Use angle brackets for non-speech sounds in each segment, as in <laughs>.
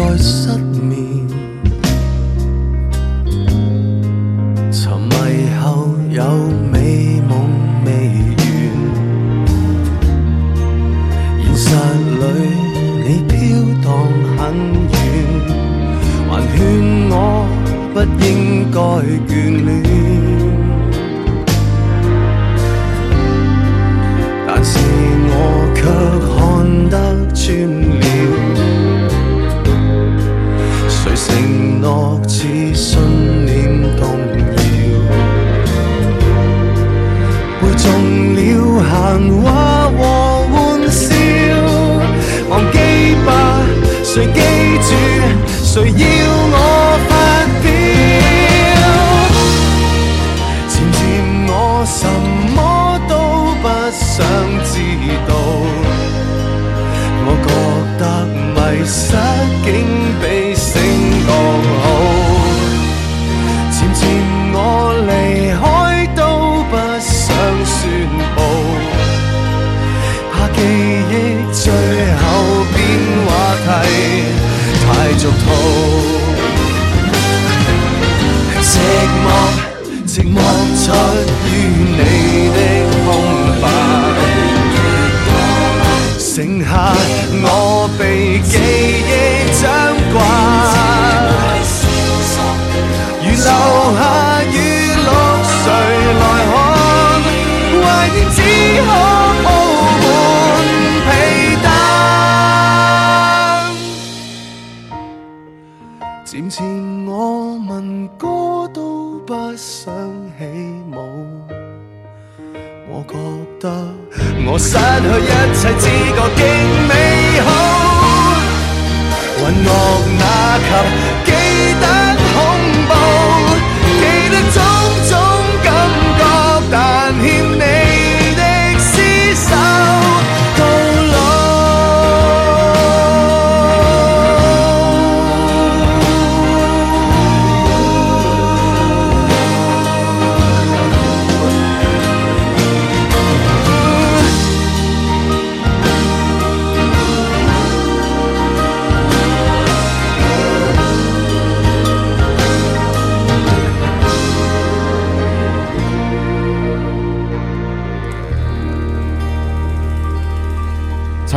在失眠。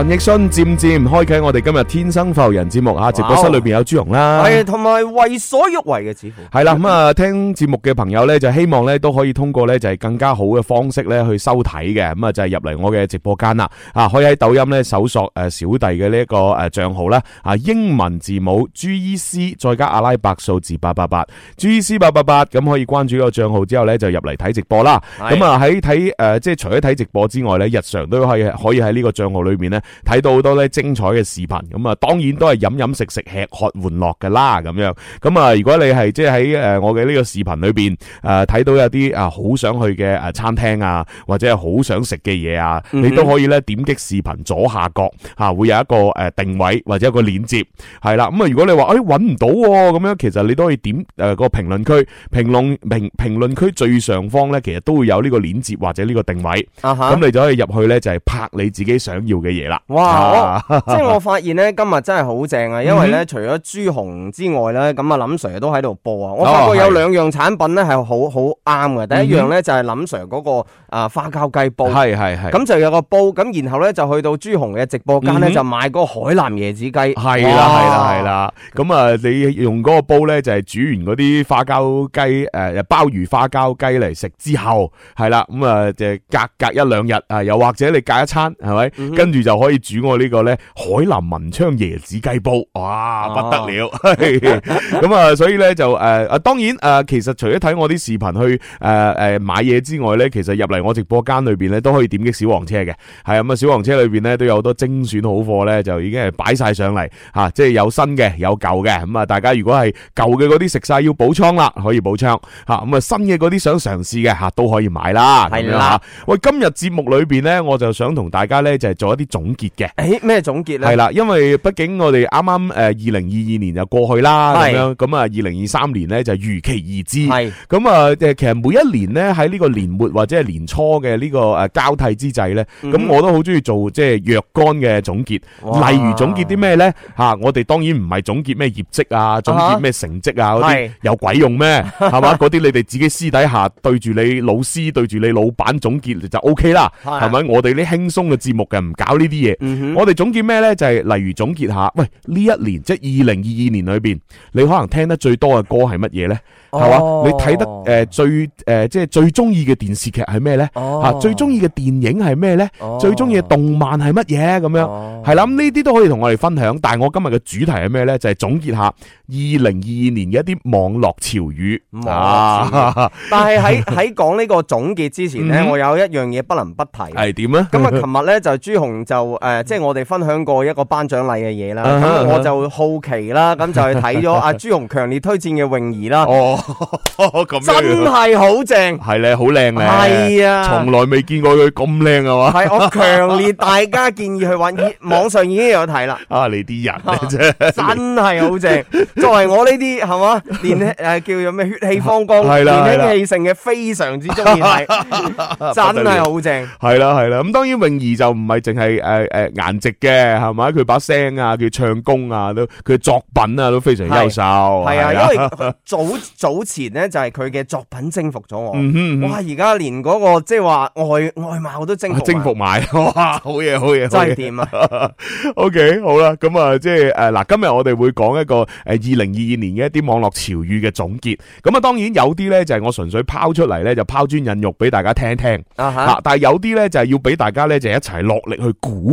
陳奕迅漸漸開啟我哋今日天，天生浮人節目吓，哇直播室裏邊有朱紅啦，係同埋為所欲為嘅似乎係啦。咁啊，聽節目嘅朋友咧，就希望咧都可以通過咧就係更加好嘅方式咧去收睇嘅。咁啊，就係入嚟我嘅直播間啦，啊可以喺抖音咧搜索誒小弟嘅呢一個誒賬號啦，啊英文字母 G E C 再加阿拉伯數字八八八 G E C 八八八，咁可以關注呢個賬號之後咧就入嚟睇直播啦。咁啊喺睇誒即係除咗睇直播之外咧，日常都可以可以喺呢個賬號裏面咧。睇到好多咧精彩嘅視頻，咁啊，當然都係飲飲食食、吃喝玩樂㗎啦，咁樣。咁啊，如果你係即係喺誒我嘅呢個視頻裏邊誒睇到有啲啊好想去嘅誒餐廳啊，或者係好想食嘅嘢啊，你都可以咧點擊視頻左下角吓、啊，會有一個誒定位或者一個鏈接，係啦。咁啊，如果你話誒搵唔到喎、啊，咁樣其實你都可以點誒、呃那個評論區評論評評論區最上方咧，其實都會有呢個鏈接或者呢個定位，咁、uh huh. 你就可以入去咧就係拍你自己想要嘅嘢啦。哇！啊、即係我發現咧，今日真係好正啊！因為咧，除咗朱紅之外咧，咁啊林 Sir 都喺度播啊！我發覺有兩樣產品咧係好好啱嘅。第一樣咧就係林 Sir 嗰個啊花膠雞煲，係係係。咁就有個煲，咁然後咧就去到朱紅嘅直播間咧，就買嗰個海南椰子雞。係啦係啦係啦。咁啊哇，你用嗰個煲咧就係煮完嗰啲花膠雞誒鮑魚花膠雞嚟食之後，係啦咁啊，就係隔隔一兩日啊，又或者你隔一餐係咪？跟住就。可以煮我呢個咧海南文昌椰子雞煲，哇，不得了！咁啊、 <laughs> 嗯，所以咧就誒啊，當然誒、呃，其實除咗睇我啲視頻去誒誒、呃呃、買嘢之外咧，其實入嚟我直播間裏邊咧都可以點擊小黃車嘅，係啊咁啊，小黃車裏邊咧都有好多精選好貨咧，就已經係擺晒上嚟，吓、啊，即係有新嘅，有舊嘅，咁、嗯、啊，大家如果係舊嘅嗰啲食晒要補倉啦，可以補倉吓，咁啊、嗯、新嘅嗰啲想嘗試嘅吓都可以買啦，係啦的，喂、啊，今日節目裏邊咧，我就想同大家咧就係做一啲總結嘅，誒咩總結咧？係啦，因為畢竟我哋啱啱誒二零二二年就過去啦，咁樣咁啊二零二三年咧就如期而至，係咁啊誒其實每一年咧喺呢個年末或者係年初嘅呢個誒交替之際咧，咁我都好中意做即係若干嘅總結，例如總結啲咩咧吓？我哋當然唔係總結咩業績啊，總結咩成績啊嗰啲有鬼用咩？係嘛？嗰啲你哋自己私底下對住你老師對住你老闆總結就 OK 啦，係咪？我哋啲輕鬆嘅節目嘅唔搞呢啲。我哋總結咩呢？就係例如總結下，喂，呢一年即係二零二二年裏邊，你可能聽得最多嘅歌係乜嘢呢？係嘛？你睇得誒最誒即係最中意嘅電視劇係咩呢？吓，最中意嘅電影係咩呢？最中意嘅動漫係乜嘢咁樣？係啦，咁呢啲都可以同我哋分享。但係我今日嘅主題係咩呢？就係總結下二零二二年嘅一啲網絡潮語。但係喺喺講呢個總結之前呢，我有一樣嘢不能不提，係點呢？今日琴日呢，就朱紅就。誒，即係我哋分享過一個頒獎禮嘅嘢啦，咁我就好奇啦，咁就去睇咗阿朱紅強烈推薦嘅泳兒啦，哦，真係好正，係咧，好靚咧，係啊，從來未見過佢咁靚啊嘛，係我強烈大家建議去玩，網上已經有睇啦，啊，你啲人啊啫，真係好正，作為我呢啲係嘛，年輕誒叫做咩血氣方剛，係啦，年輕氣盛嘅非常之中意睇，真係好正，係啦係啦，咁當然泳兒就唔係淨係誒。誒，顏、呃、值嘅係咪？佢把聲啊，佢唱功啊，都佢作品啊，都，作品啊都非常優秀。係啊，啊啊因為早 <laughs> 早前咧就係佢嘅作品征服咗我。嗯哼嗯哼哇！而家連嗰、那個即係話外外貌都征服、啊、征服埋，哇！好嘢，好嘢，真係掂啊 <laughs> ！OK，好啦，咁、嗯、啊，即係誒嗱，今日我哋會講一個誒二零二二年嘅一啲網絡潮語嘅總結。咁啊，當然有啲咧就係我純粹拋出嚟咧，就拋磚引玉俾大家聽一聽，一聽。啊哈、uh，huh. 但係有啲咧就係要俾大家咧就係一齊落力去估。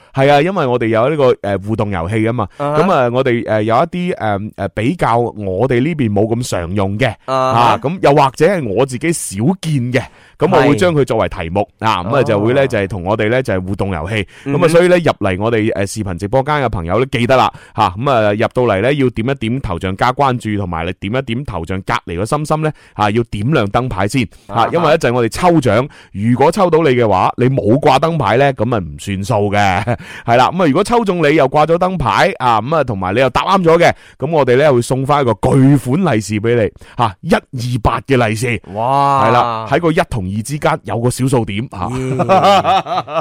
係啊，因為我哋有呢個誒互動遊戲啊嘛，咁啊、uh huh. 我哋誒有一啲誒誒比較我哋呢邊冇咁常用嘅、uh huh. 啊，咁又或者係我自己少見嘅，咁我會將佢作為題目 Yes. 啊，咁啊就會咧就係、是、同我哋咧就係、是、互動遊戲，咁、uh huh. 啊所以咧入嚟我哋誒視頻直播間嘅朋友咧記得啦吓，咁啊，啊入到嚟咧要點一點頭像加關注，同埋你點一點頭像隔籬個心心咧吓要點亮燈牌先吓、啊，因為一陣我哋抽獎，如果抽到你嘅話，你冇掛燈牌咧咁咪唔算數嘅。係啦，咁啊，如果抽中你又掛咗燈牌啊，咁啊，同埋你又答啱咗嘅，咁我哋咧會送翻一個巨款利是俾你吓，一二八嘅利是，1, 2, 哇，係啦，喺個一同二之間有個小數點啊、嗯，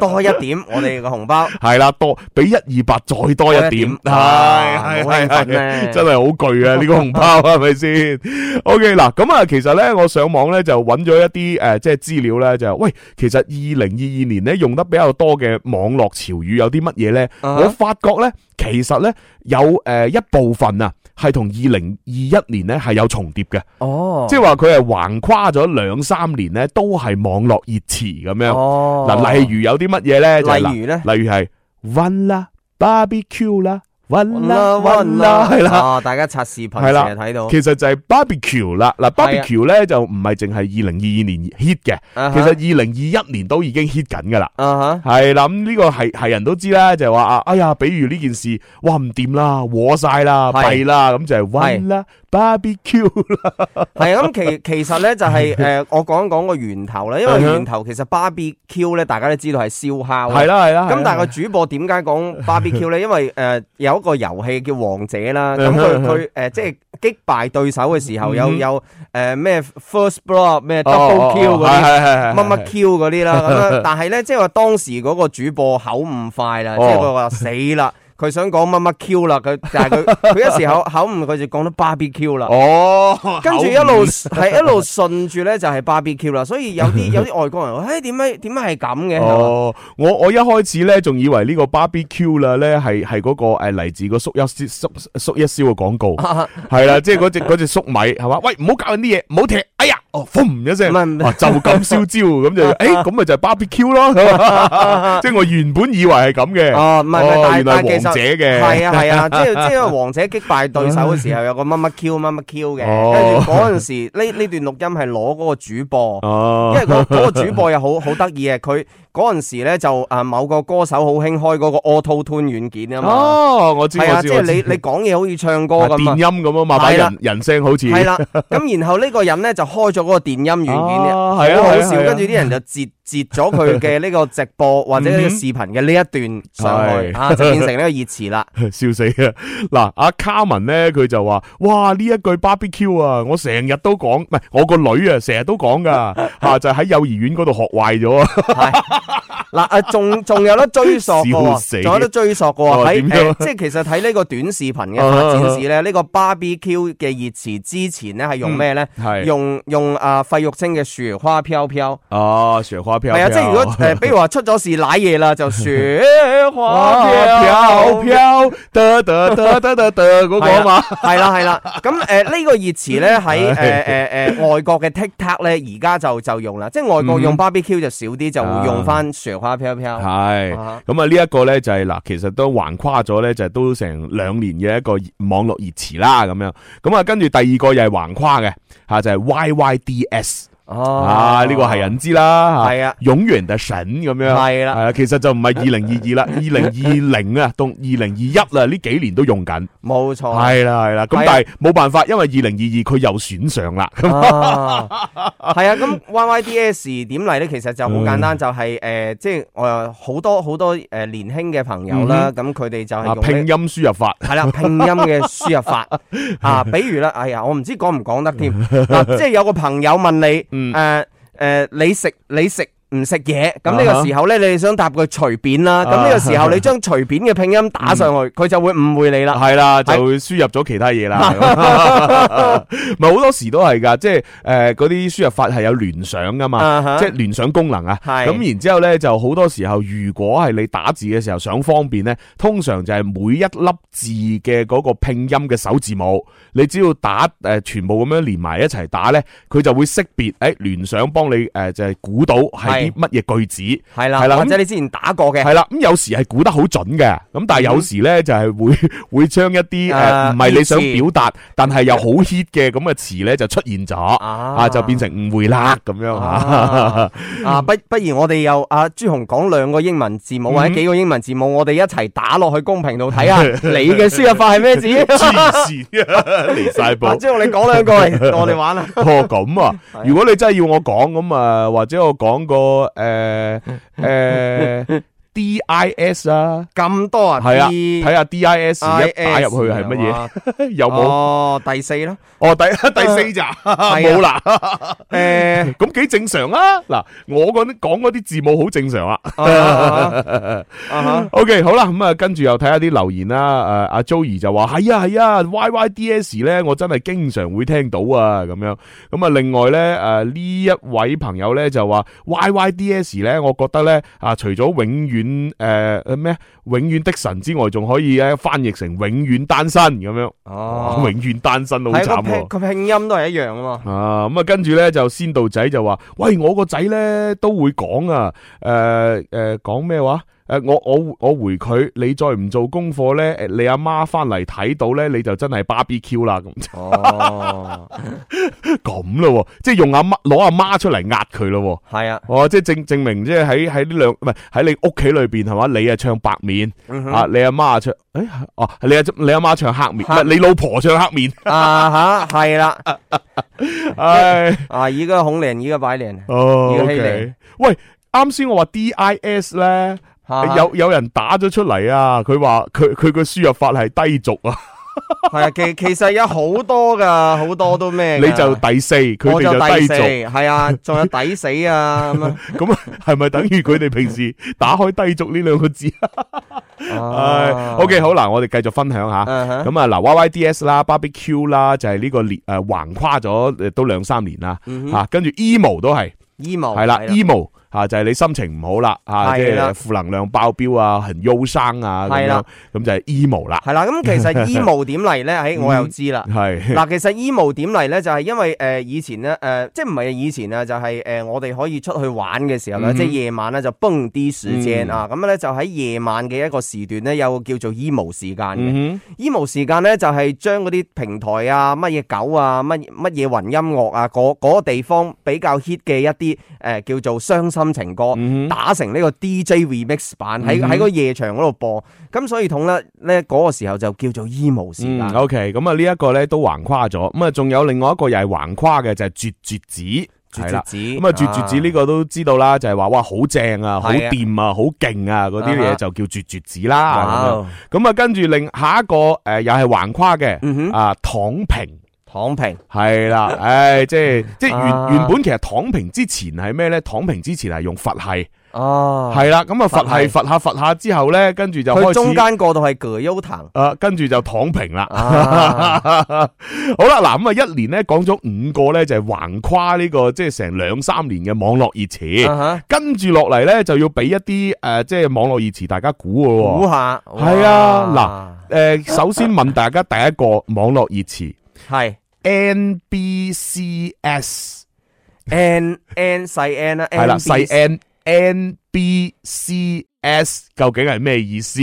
多一點， <laughs> 我哋個紅包係啦，多比一二八再多一點，係係係，真係好巨啊，呢、呢個紅包係咪先？OK 嗱，咁啊，其實咧我上網咧就揾咗一啲誒，即係資料咧就，喂，其實二零二二年咧用得比較多嘅網絡潮語有。啲乜嘢咧？呢 uh huh. 我發覺咧，其實咧有誒一部分啊，係同二零二一年咧係有重疊嘅。哦，即係話佢係橫跨咗兩三年咧，都係網絡熱詞咁樣。哦，嗱，例如有啲乜嘢咧？就是、例如咧？例如係 One 啦、barbecue 啦。win 啦 win 啦係啦，大家刷視頻成日睇到，其實就係 barbecue 啦，嗱，barbecue 咧就唔係淨係二零二二年 hit 嘅，其實二零二一年都已經 hit 緊噶啦，啊哈，係啦，咁呢個係係人都知啦，就係話啊哎呀，比如呢件事哇唔掂啦，和晒啦，弊啦，咁就係 win 啦 barbecue 啦，係咁，其其實咧就係誒我講一講個源頭啦，因為源頭其實 barbecue 咧大家都知道係燒烤，係啦係啦，咁但係個主播點解講 barbecue 咧？因為誒有。個遊戲叫王者啦，咁佢佢誒，即係擊敗對手嘅時候、嗯、哼有有誒咩 first blood 咩 double kill 嗰啲乜乜 kill 嗰啲啦，咁啊、哦，但係咧 <laughs> 即係話當時嗰個主播口唔快啦，哦、即係佢話死啦。 <laughs> 佢想講乜乜 Q 啦，佢但係佢佢一時口口誤，佢就講到 barbecue 啦。哦，跟住一路係誤一路順住咧，就係 barbecue 啦。所以有啲有啲外國人話，誒、哎，點解點解係咁嘅？哦，吧我我一開始咧仲以為個呢、那個 barbecue 啦咧係係嗰個誒嚟自個粟一燒粟一燒嘅廣告，係啦， <laughs> 即係嗰隻隻粟米係嘛？喂，唔好搞緊啲嘢，唔好踢，哎呀！哦，唔一聲，哇、啊、就咁燒焦咁、 <laughs> 欸、就，誒咁咪就 b 芭比 Q e 咯，即係我原本以為係咁嘅。啊、哦，唔係唔係，但係王者嘅，係啊係啊，即係即係王者擊敗對手嘅時候有個乜乜 Q 乜乜 Q 嘅，跟住嗰陣時呢呢段錄音係攞嗰個主播， <laughs> 因為嗰嗰個主播又好好得意嘅佢。嗰陣時咧就，啊某個歌手好興開嗰個 auto tune 軟件啊嘛，係啊，即係你你講嘢好似唱歌咁啊，電音咁啊嘛，把人人聲好似係啦，咁、啊 <laughs> 啊、然後呢個人咧就開咗嗰個電音軟件，好、啊、好笑，跟住啲人就接。截咗佢嘅呢個直播或者呢個視頻嘅呢一段上去，嗯、哼啊就變成呢個熱詞啦，。 <laughs> 笑死啊！嗱，阿卡文咧佢就話：哇呢一句 barbecue 啊，我成日都講，唔係我個女啊，成日都講噶，嚇、 <laughs> 啊、就喺、是、幼兒園嗰度學壞咗。 <laughs> <laughs> 嗱，啊，仲仲有得追索喎，仲有得追索喎，睇，即係其實睇呢個短視頻嘅發展史咧，呢個 barbecue 嘅熱詞之前咧係用咩咧？係用用阿費玉清嘅雪花飄飄。哦，雪花飄飄。係啊，即係如果誒，比如話出咗事瀨嘢啦，就雪花飄飄，飄飄，得得得得得得嗰個啊嘛。係啦係啦，咁誒呢個熱詞咧喺誒誒誒外國嘅 TikTok 咧，而家就就用啦，即係外國用 barbecue 就少啲，就會用翻飄飄係，咁啊是、嗯、呢一個咧就係、是、嗱，其實都橫跨咗咧，就係、都成兩年嘅一個網絡熱詞啦，咁樣，咁啊跟住第二個又係橫跨嘅，吓就係、是、Y Y D S。哦，啊，呢個係人知啦，係啊，永遠嘅神咁樣，係啦，係啦，其實就唔係二零二二啦，二零二零啊，到二零二一啦，呢幾年都用緊，冇錯，係啦係啦，咁但係冇辦法，因為二零二二佢又選上啦，係啊，咁 Y Y D S 點嚟咧？其實就好簡單，就係誒，即係我有好多好多誒年輕嘅朋友啦，咁佢哋就係用拼音輸入法，係啦，拼音嘅輸入法啊，比如咧，哎呀，我唔知講唔講得添，即係有個朋友問你。誒誒，你食你食？唔食嘢，咁呢個時候呢，你想答佢隨便啦。咁呢個時候，你將隨便嘅拼音打上去，佢、嗯、就會誤會你啦。係啦，就會輸入咗其他嘢啦。唔係好多時都係噶，即係誒嗰啲輸入法係有聯想噶嘛，啊、哈即係聯想功能啊。係咁的然之後咧，就好多時候，如果係你打字嘅時候想方便呢，通常就係每一粒字嘅嗰個拼音嘅首字母，你只要打誒、呃、全部咁樣連埋一齊打呢，佢就會識別，誒、欸、聯想幫你誒、呃、就係、是、估到係。啲乜嘢句子係啦，或者你之前打過嘅係啦，咁有時係估得好準嘅，咁但係有時咧就係會會將一啲誒唔係你想表達，但係又好 hit 嘅咁嘅詞咧就出現咗啊，就變成誤會啦咁樣吓啊！不，不如我哋又阿朱紅講兩個英文字母或者幾個英文字母，我哋一齊打落去公屏度睇下你嘅輸入法係咩字？黐線啊！李大寶，阿朱紅你講兩個我哋玩啦。哦，咁啊，如果你真係要我講咁啊，或者我講個。哦誒誒。D I S 啊，咁多人，係啊，睇下 D I S 一打入去係乜嘢，有冇哦，第四啦，哦第第四咋，冇啦，誒，咁幾正常啊，嗱，我嗰啲講嗰啲字母好正常啊，OK，好啦，咁啊，跟住又睇下啲留言啦，誒，阿 Joey 就話係啊係啊，Y Y D S 咧，我真係經常會聽到啊，咁樣，咁啊，另外咧，誒呢一位朋友咧就話 Y Y D S 咧，我覺得咧啊，除咗永遠。嗯誒，咩、呃、永遠的神之外，仲可以咧翻譯成永遠單身咁樣哦。啊、永遠單身好慘，佢拼音都係一樣啊嘛啊咁啊，跟住咧就先導仔就話喂，我個仔咧都會講啊，誒誒講咩話？呃誒，我我我回佢，你再唔做功課咧，誒，你阿媽翻嚟睇到咧，你就真係芭比 Q 啦咁。哦，咁咯， <laughs> 即係用阿媽攞阿媽出嚟壓佢咯。係啊，哦，即係證證明，即係喺喺呢兩唔係喺你屋企裏邊係嘛？你啊唱白面、嗯、哼啊，你阿媽啊唱誒，哦，你阿你阿媽唱黑面黑，你老婆唱黑面，黑面 <laughs> 啊吓，係啦，誒、 <laughs> 哎，啊，依個紅臉，依個白臉，哦、oh,，依個黑臉，okay 喂，啱先我話 D I S 咧。有有人打咗出嚟啊！佢話佢佢個輸入法係低俗啊，係啊，其其實有好多㗎，好多都咩？你就第四，佢哋就低俗，係啊，仲有抵死啊咁啊，咁啊，係咪等於佢哋平時打開低俗呢兩個字？唉，OK，好啦，我哋繼續分享下。咁啊，嗱，Y Y D S 啦，芭比 Q 啦，就係呢個列誒橫跨咗都兩三年啦，吓，跟住 emo 都係 emo，係啦，emo。啊，就係你心情唔好啦，啊，即係負能量爆表啊，很憂傷啊，咁樣，咁就係 emo 啦。係啦，咁其實 emo 點嚟咧？喺我又知啦。係嗱、 <laughs> 嗯，其實 emo 點嚟咧？就係、是、因為誒以前咧，誒、呃、即係唔係以前啊？就係、是、誒我哋可以出去玩嘅時候啦，即係夜晚咧就蹦迪時間啊，咁咧、嗯、就喺夜晚嘅一個時段咧有個叫做 emo 時間嘅。emo 時間咧就係將嗰啲平台啊、乜嘢狗啊、乜乜嘢雲音樂啊、嗰、那個地方比較 hit 嘅一啲誒叫做傷心。心情歌打成呢個 DJ remix 版喺喺個夜場嗰度播，咁所以統咧咧嗰個時候就叫做 emo 時間。OK，咁啊呢一個咧都橫跨咗，咁啊仲有另外一個又係橫跨嘅就係、是、絕絕子、嗯，絕絕子，咁啊絕絕子呢個都知道啦，就係、是、話哇好正啊，的好掂啊，好勁啊，嗰啲嘢就叫絕絕子啦。咁啊跟住另下一個誒又係橫跨嘅啊，躺平。躺平係啦，誒，即係即係原原本其實躺平之前係咩咧？躺平之前係用佛系，哦，係啦，咁啊，佛系佛下佛下之後咧，跟住就佢中間個度係葛優躺，啊，跟住就躺平啦。好啦，嗱，咁啊，一年咧講咗五個咧，就係橫跨呢個即係成兩三年嘅網絡熱詞，跟住落嚟咧就要俾一啲誒，即係網絡熱詞，大家估嘅，估下，係啊，嗱，誒，首先問大家第一個網絡熱詞係。S, N B C S，N N 細 N 啊， <laughs> 係啦，細 N，N B C S 究竟係咩意思？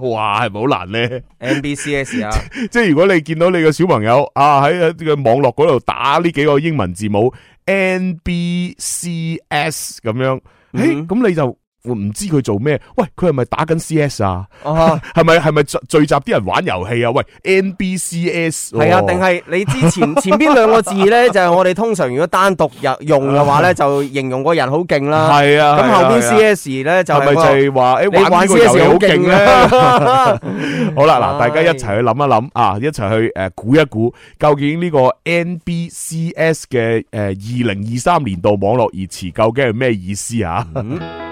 哇，係咪好難咧？N B C S 啊， <laughs> 即係如果你見到你個小朋友啊喺個網絡嗰度打呢幾個英文字母 N B C S 咁樣，誒，咁、mm hmm. 你就。我唔知佢做咩？喂，佢係咪打緊 C S 啊？哦、uh，係咪係咪聚集啲人玩遊戲啊？喂，N B C S 係啊， <music> 啊？定係你之前前邊兩個字咧，就係我哋通常如果單獨入用嘅話咧、uh，huh. 就形容個人好勁啦。係啊，咁、啊啊、後邊 C S 咧就係咪就係話誒玩玩 C S 好勁咧？ <laughs> <laughs> 好啦，嗱，大家一齊去諗一諗啊， <laughs> uh, 一齊去誒估一估，究竟呢個 N B C S 嘅誒二零二三年度網絡熱詞究竟係咩意思啊？ <music>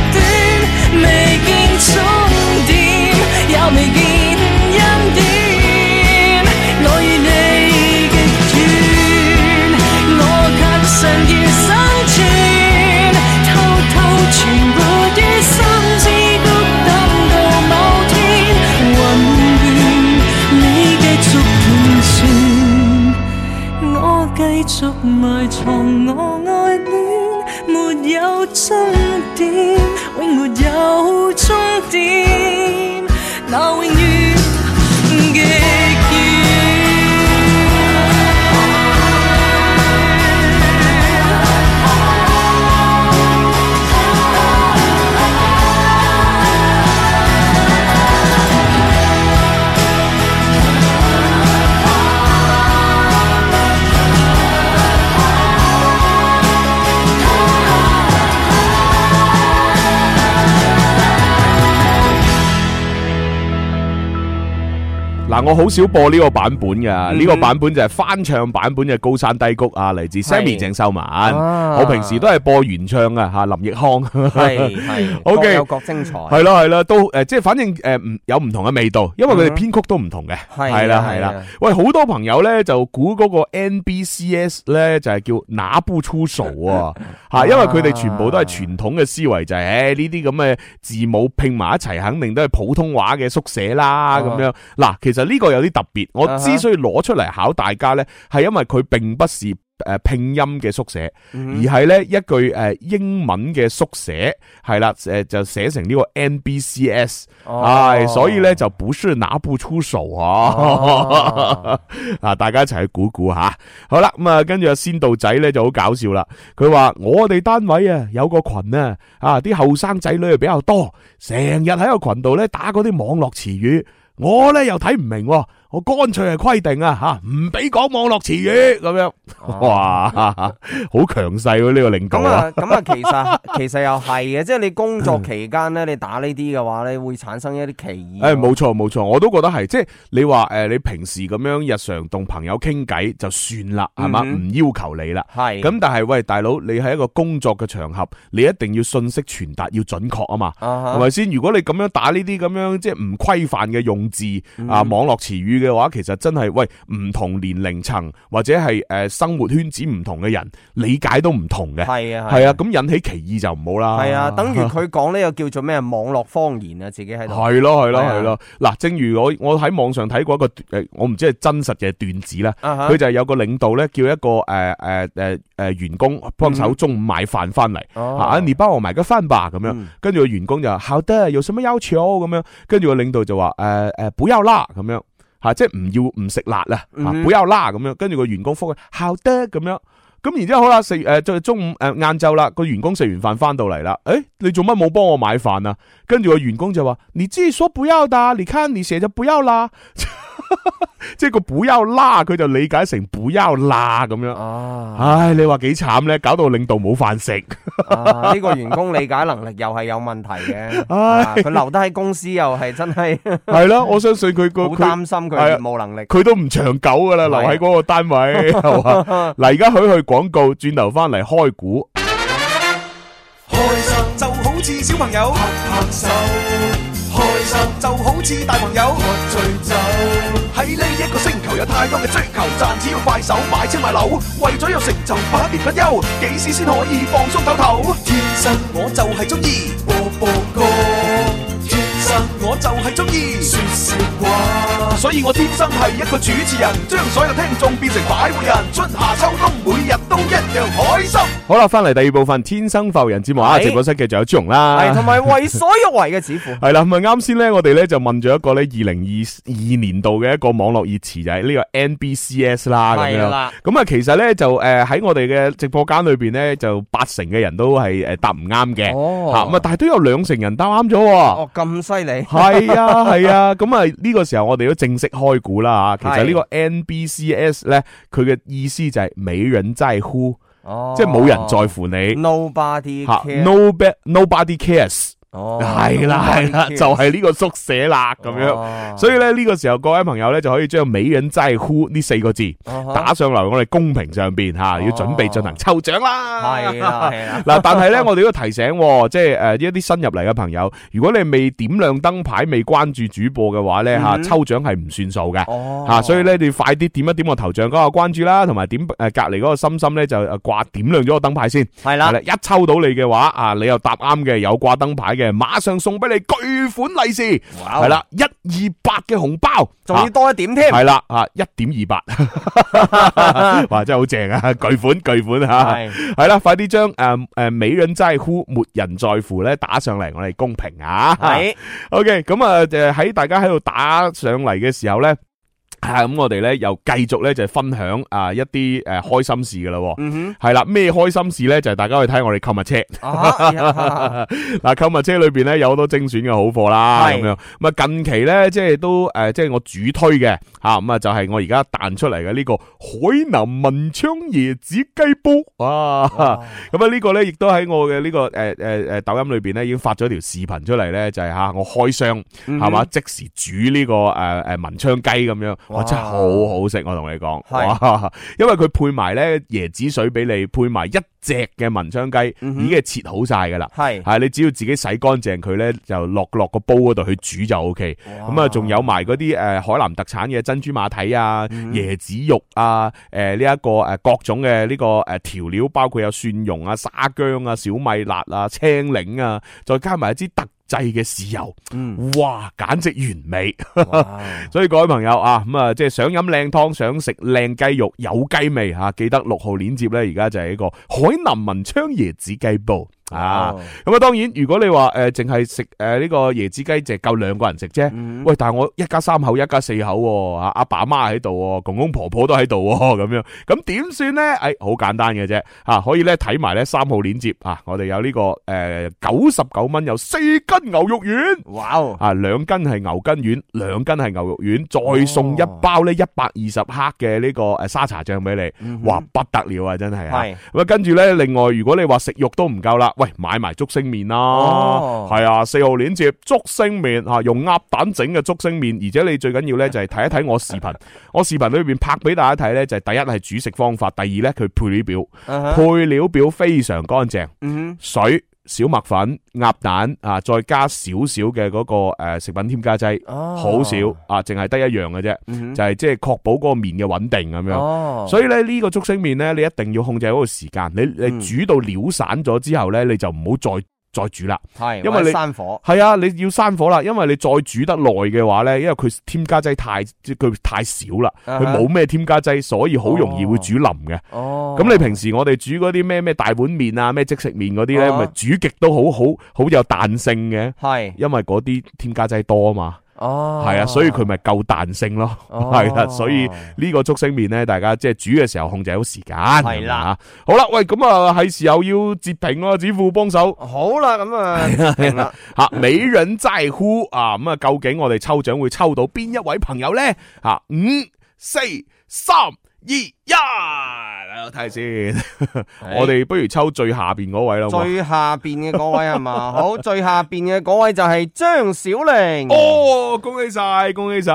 和我愛戀，沒有終點。我好少播呢個版本噶，呢個版本就係翻唱版本嘅《高山低谷》啊，嚟自 Sammy 鄭秀文。我平時都係播原唱啊，吓，林奕匡係係，O K，各有各精彩。係啦係啦，都誒，即係反正誒，唔有唔同嘅味道，因為佢哋編曲都唔同嘅。係啦係啦，喂，好多朋友咧就估個 N B C S 咧就係叫拿不住數啊，吓，因為佢哋全部都係傳統嘅思維，就係誒呢啲咁嘅字母拼埋一齊，肯定都係普通話嘅縮寫啦咁樣。嗱，其實。呢個有啲特別，我之所以攞出嚟考大家呢，係因為佢並不是誒拼音嘅縮寫，嗯、哼而係咧一句誒英文嘅縮寫，係啦誒就寫成呢個 NBCS，係、哦、所以呢，就不是拿不出手啊，啊、哦、 <laughs> 大家一齊去估估吓，好啦咁啊，跟住阿先道仔呢就好搞笑啦，佢話我哋單位啊有個群呢，啊啲後生仔女又比較多，成日喺個群度咧打嗰啲網絡詞語。我咧又睇唔明。我乾脆係規定啊，吓唔俾講網絡詞語咁樣，哇，好強勢喎！呢、這個領導啊，咁啊，啊，其實其實又係嘅，即係 <laughs> 你工作期間咧，你打呢啲嘅話咧，會產生一啲歧義。誒、哎，冇錯冇錯，我都覺得係，即、就、係、是、你話誒、呃，你平時咁樣日常同朋友傾偈就算啦，係嘛、mm，唔、hmm。要求你啦，係、mm。咁、hmm。但係喂，大佬，你喺一個工作嘅場合，你一定要信息傳達要準確啊嘛，係咪先？如果你咁樣打呢啲咁樣即係唔規範嘅用字啊，網絡詞語。Mm hmm. mm hmm. 嘅話其實真係喂，唔同年齡層或者係誒、呃、生活圈子唔同嘅人理解都唔同嘅。係啊係啊，咁引起歧義就唔好啦。係啊，啊等於佢講呢個叫做咩啊網絡方言啊，自己喺度係咯係咯係咯。嗱，正如我我喺網上睇過一個誒，我唔知係真實嘅段子啦。佢、 <laughs> 啊、就係有個領導咧叫一個誒誒誒誒員工幫手中午買飯翻嚟，啊你幫我買個飯吧咁樣。跟住 <laughs> 個員工就話好的，有什麼要求咁樣？跟住個領導就話誒誒不要辣咁樣。吓，即係唔要唔食辣啦，不要拉咁樣，跟住個員工覆佢好的咁樣。咁然之後好啦，食誒，就係中午誒晏晝啦，個員工食完飯翻到嚟啦，誒，你做乜冇幫我買飯啊？跟住個員工就話，你自己說不要的，你看你寫就不要啦。即係個補休啦，佢就理解成補休啦咁樣。哦，唉，你話幾慘咧？搞到領導冇飯食，呢個員工理解能力又係有問題嘅。唉，佢留得喺公司又係真係。係咯，我相信佢個好擔心佢冇能力，佢都唔長久噶啦，留喺嗰個單位係嘛。嗱，而家去去廣告轉頭翻嚟開估，開心就好似小朋友拍手。就好似大朋友，喝醉酒，喺呢一個星球有太多嘅追求，賺錢要快手，買車買樓，為咗有成就不眠不休，幾時先可以放鬆唞唞？天生我就係中意播播歌。我就係中意說說話，所以我天生係一個主持人，將所有聽眾變成擺渡人。春夏秋冬，每日都一樣開心。好啦，翻嚟，第二部分，天生浮人節目啊！是直播室嘅仲有朱紅啦，係同埋為所欲為嘅似乎係啦。咁啊， <laughs> 啱先咧，我哋咧就問咗一個咧二零二二年度嘅一個網絡熱詞就係呢個 NBCS 啦咁樣。咁啊，其實咧就誒喺我哋嘅直播間裏邊咧，就八成嘅人都係誒答唔啱嘅。吓咁啊，但係都有兩成人答啱咗。哦，咁犀？係 <laughs> 啊，係啊，咁啊呢個時候我哋都正式開估啦吓。其實呢個 NBCS 咧，佢嘅意思就係、是、美人在乎，哦、即係冇人在乎你。Nobody，nobody care. nobody cares。哦，係啦係啦，就係呢個宿舍啦咁樣，哦、所以咧呢個時候各位朋友咧就可以將美人齋呼呢四個字打上嚟我哋公屏上邊吓，要準備進行抽獎啦。係啊、哦，嗱， <laughs> 但係咧我哋都提醒，即係誒一啲新入嚟嘅朋友，如果你未點亮燈牌、未關注主播嘅話咧吓，抽獎係唔算數嘅。吓、嗯，所以咧你快啲點，點一點個頭像嗰個關注啦，同埋點誒隔籬嗰個心心咧就掛點亮咗個燈牌先。係啦的，一抽到你嘅話啊，你又答啱嘅，有掛燈牌嘅。嘅馬上送俾你巨款利，Wow. 是，係啦，一二八嘅紅包，仲要多一點添，係啦，吓一點二八， <laughs> 哇，真係好正啊，巨款巨款吓，係係啦，快啲將誒誒，美人齋呼，沒人在乎咧，打上嚟，我哋公平啊，係的，OK，咁啊，就、呃、喺大家喺度打上嚟嘅時候咧，係咁、嗯嗯、我哋咧又繼續咧就係分享啊一啲誒開心事噶啦。係啦咩開心事咧就係、是、大家去睇我哋購物車。嗱購、啊、 <laughs> 物車裏邊咧有好多精選嘅好貨啦，咁是樣咁啊近期咧即係都誒即係我主推嘅，吓咁啊就係、是、我而家彈出嚟嘅呢個海南文昌椰子雞煲啊。咁啊呢、這個咧亦都喺我嘅呢個誒誒誒抖音裏邊咧已經發咗條視頻出嚟咧就係、是、吓我開箱係嘛、嗯、哼即時煮呢、這個誒誒、呃、文昌雞咁樣。哇我真係好好食，我同你講是，因為佢配埋咧椰子水俾你，配埋一隻嘅文昌雞、嗯、哼已經係切好晒噶啦，係是，係、啊、你只要自己洗乾淨佢咧，就落落個煲嗰度去煮就 O K，咁啊，仲哇有埋嗰啲誒海南特產嘅珍珠馬蹄啊、嗯、哼椰子肉啊、誒呢一個誒各種嘅呢個誒調料，包括有蒜蓉啊、沙薑啊、小米辣啊、青檸啊，再加埋一支特製嘅豉油，嗯、哇，簡直完美！ <laughs> Wow. 所以各位朋友啊，咁啊，即係想飲靚湯，想食靚雞肉，有雞味吓、啊，記得六號鏈接呢，而家就係一個海南文昌椰子雞煲。啊，咁啊，當然，如果你話誒淨係食誒呢個椰子雞，淨係夠兩個人食啫。嗯、喂，但係我一家三口，一家四口、啊，吓阿爸阿媽喺度，公公婆婆都喺度咁樣，咁點算呢？誒、哎，好簡單嘅啫，吓、啊、可以咧睇埋咧三號鏈接啊，我哋有呢、這個誒九十九蚊有四斤牛肉丸，哇、哦、啊兩斤係牛筋丸，兩斤係牛肉丸，再送一包呢一百二十克嘅呢個誒沙茶醬俾你，嗯、哇，不得了是啊，真係啊，咁啊跟住咧，另外如果你話食肉都唔夠啦。喂，買埋竹升麵啦，係、哦、啊，四號鏈接竹升麵吓，用鴨蛋整嘅竹升麵，而且你最緊要呢，就係睇一睇我視頻，我視頻裏邊拍俾大家睇呢，就係第一係煮食方法，第二呢，佢配料表，配料表非常乾淨，嗯、哼水。小麥粉、鴨蛋啊，再加少少嘅個誒、呃、食品添加劑，好、oh. 少啊，淨係得一樣嘅啫，mm hmm. 就係即係確保個麵嘅穩定咁、oh. 樣。哦。所以咧呢個竹升麵咧，你一定要控制個時間，你你煮到料散咗之後咧，你就唔好再。再煮啦，係是，因為你生火，係啊，你要生火啦，因為你再煮得耐嘅話咧，因為佢添加劑太，佢太少啦，佢冇咩添加劑，所以好容易會煮腍嘅。哦、uh，咁、huh. 你平時我哋煮嗰啲咩咩大碗麵啊，咩即食麵嗰啲咧，咪、uh huh. 煮極都好好，好有彈性嘅，係、uh，huh. 因為嗰啲添加劑多啊嘛。哦，係啊，所以佢咪夠彈性咯，係啦、哦，所以呢個竹升麵咧，大家即係煮嘅時候控制好時間係啦。好啦，喂，咁啊係時候要截屏咯，子富幫手。好啦，咁啊係啦，吓， <laughs> 美人在乎啊，咁啊，究竟我哋抽獎會抽到邊一位朋友咧？啊，五、四、三、二。呀，睇先，我哋不如抽最下邊嗰位啦。最下邊嘅嗰位係嘛？ <laughs> 好，最下邊嘅嗰位就係張小玲。哦，恭喜晒，恭喜晒。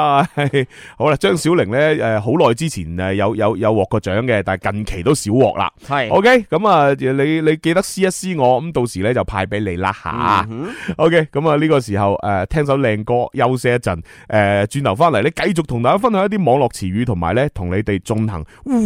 <laughs> 好啦，張小玲咧，誒，好耐之前誒有有有獲過獎嘅，但係近期都少獲啦。係是，OK，咁啊，你你記得私一私我，咁到時咧就派俾你啦吓。嗯、哼 OK，咁啊呢個時候誒，聽首靚歌，休息一陣。誒、呃，轉頭翻嚟，你繼續同大家分享一啲網絡詞語，同埋咧同你哋進行、嗯。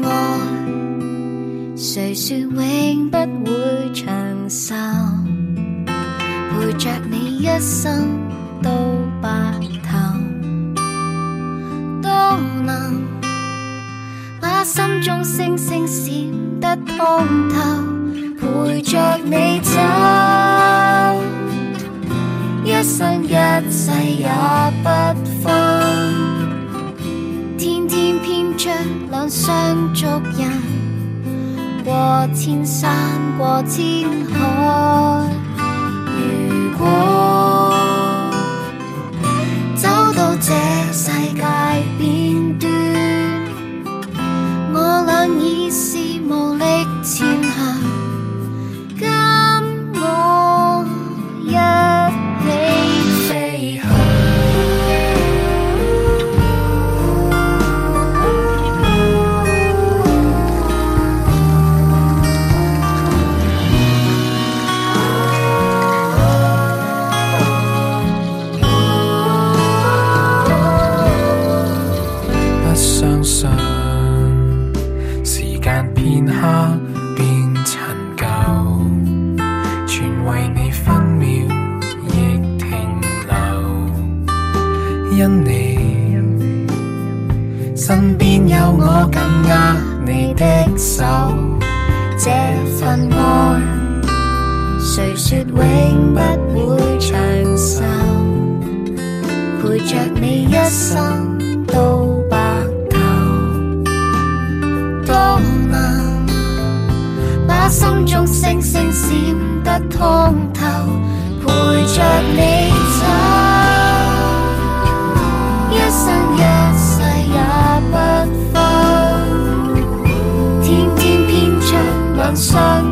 愛，誰說永不會長壽？陪着你一生到白頭，都能把心中星星閃得通透。陪着你走，一生一世也不分。天天編着兩雙足印，過千山過千海，如果。誰說永不會長壽？陪着你一生到白頭，都能把心中星星閃得通透，陪着你走，一生一世也不分，天天偏將晚上。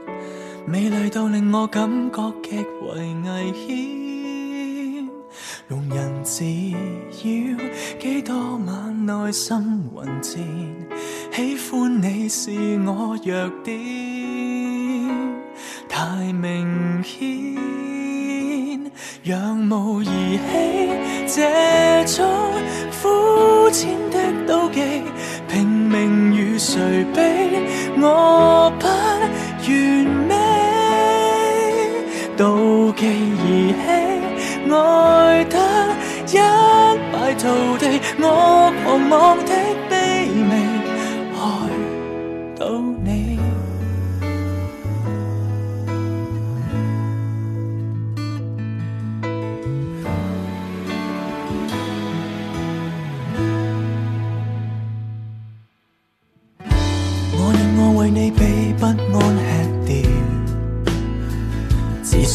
美麗到令我感覺極為危險，庸人自擾幾多晚內心混戰，喜歡你是我弱點，太明顯，仰慕而起這種膚淺的妒忌，拼命與誰比，我不願。記而起，愛得一敗塗地，我狂妄的。 <noise>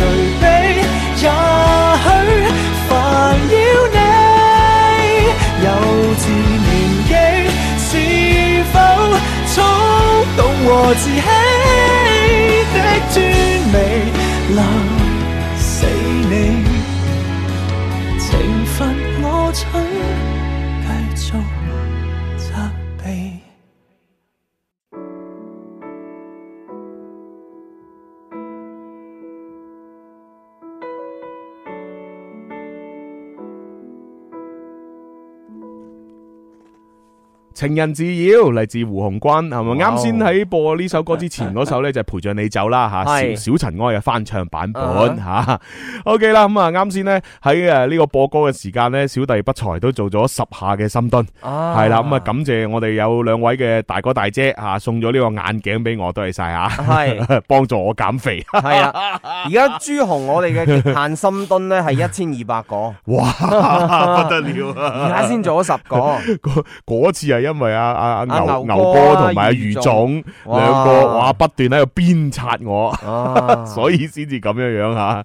誰比？隨便也許煩擾你幼稚年紀，是否衝動和自欺的滋味，留死你？懲罰我蠢。情人自擾嚟自胡鴻鈞，係咪？啱先喺播呢首歌之前嗰首咧，就陪着你走啦，吓小塵埃嘅翻唱版本，吓。O K 啦，咁啊，啱先咧喺誒呢個播歌嘅時間咧，小弟不才都做咗十下嘅深蹲，係啦，咁啊，感謝我哋有兩位嘅大哥大姐吓，送咗呢個眼鏡俾我，多謝晒吓，係幫助我減肥。係啊，而家朱紅我哋嘅極限深蹲咧係一千二百個，哇，不得了啊！而家先做咗十個，嗰嗰次係一。因為阿阿阿牛牛哥同埋阿余總兩個哇，不斷喺度鞭策我，所以先至咁樣樣吓。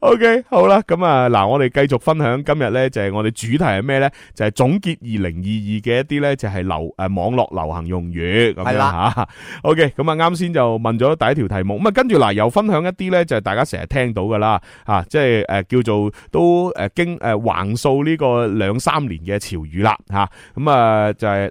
OK 好啦，咁啊嗱，我哋繼續分享今日咧就係我哋主題係咩咧？就係總結二零二二嘅一啲咧就係流誒網絡流行用語咁樣吓。OK 咁啊啱先就問咗第一條題目，咁啊跟住嗱又分享一啲咧就係大家成日聽到噶啦吓，即係誒叫做都誒經誒橫掃呢個兩三年嘅潮語啦吓，咁啊就係。